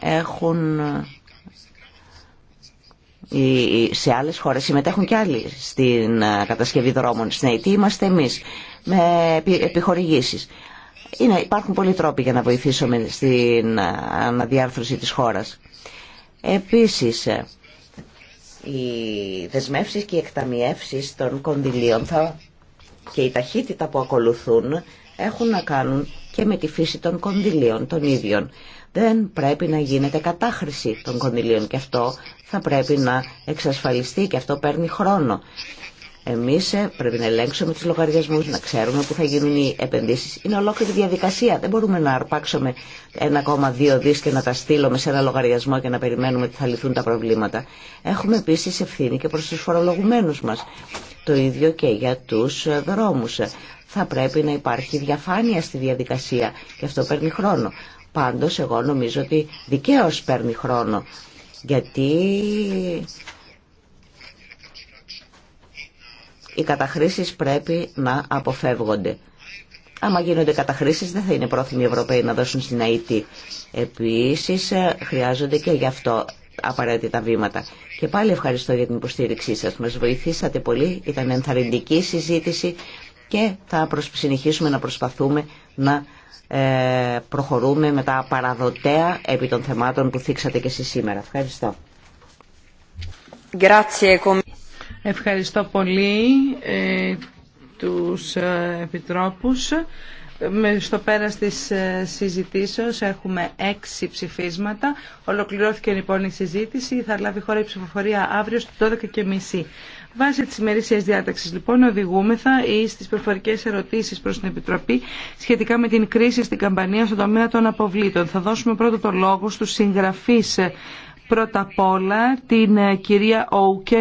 έχουν σε άλλες χώρες συμμετέχουν και άλλοι στην ε, κατασκευή δρόμων. Στην ΑΕΤ είμαστε εμείς με επιχορηγήσεις. Είναι, υπάρχουν πολλοί τρόποι για να βοηθήσουμε στην ε, αναδιάρθρωση της χώρας. Επίσης, ε, οι δεσμεύσεις και οι εκταμιεύσεις των κονδυλίων θα, και η ταχύτητα που ακολουθούν έχουν να κάνουν και με τη φύση των κονδυλίων των ίδιων. Δεν πρέπει να γίνεται κατάχρηση των κονδυλίων και αυτό θα πρέπει να εξασφαλιστεί και αυτό παίρνει χρόνο. Εμεί ε, πρέπει να ελέγξουμε του λογαριασμού, να ξέρουμε πού θα γίνουν οι επενδύσεις. Είναι ολόκληρη διαδικασία. Δεν μπορούμε να αρπάξουμε 1,2 δι και να τα στείλουμε σε ένα λογαριασμό και να περιμένουμε ότι θα λυθούν τα προβλήματα. Έχουμε επίση ευθύνη και προ του φορολογουμένου μα. Το ίδιο και για του ε, δρόμου. Θα πρέπει να υπάρχει διαφάνεια στη διαδικασία και αυτό παίρνει χρόνο. Πάντω εγώ νομίζω ότι δικαίω παίρνει χρόνο γιατί οι καταχρήσεις πρέπει να αποφεύγονται. Άμα γίνονται καταχρήσεις δεν θα είναι πρόθυμοι οι Ευρωπαίοι να δώσουν στην ΑΕΤ. Επίσης ε, χρειάζονται και γι' αυτό απαραίτητα βήματα. Και πάλι ευχαριστώ για την υποστήριξή σας. Μας βοηθήσατε πολύ. Ήταν ενθαρρυντική συζήτηση και θα συνεχίσουμε να προσπαθούμε να ε, προχωρούμε με τα παραδοτέα επί των θεμάτων που θίξατε και εσείς σήμερα. Ευχαριστώ. Ευχαριστώ πολύ ε, τους ε, επιτρόπους. Στο πέρας της ε, συζητήσεως έχουμε έξι ψηφίσματα. Ολοκληρώθηκε λοιπόν η συζήτηση. Θα λάβει χώρα η ψηφοφορία αύριο στις 12.30. Βάσει τη ημερήσια διάταξη, λοιπόν, οδηγούμεθα ή στι προφορικέ ερωτήσει προ την Επιτροπή σχετικά με την κρίση στην καμπανία στον τομέα των αποβλήτων. Θα δώσουμε πρώτο το λόγο στου συγγραφεί ε, πρώτα απ' όλα την ε, κυρία Όουκεν.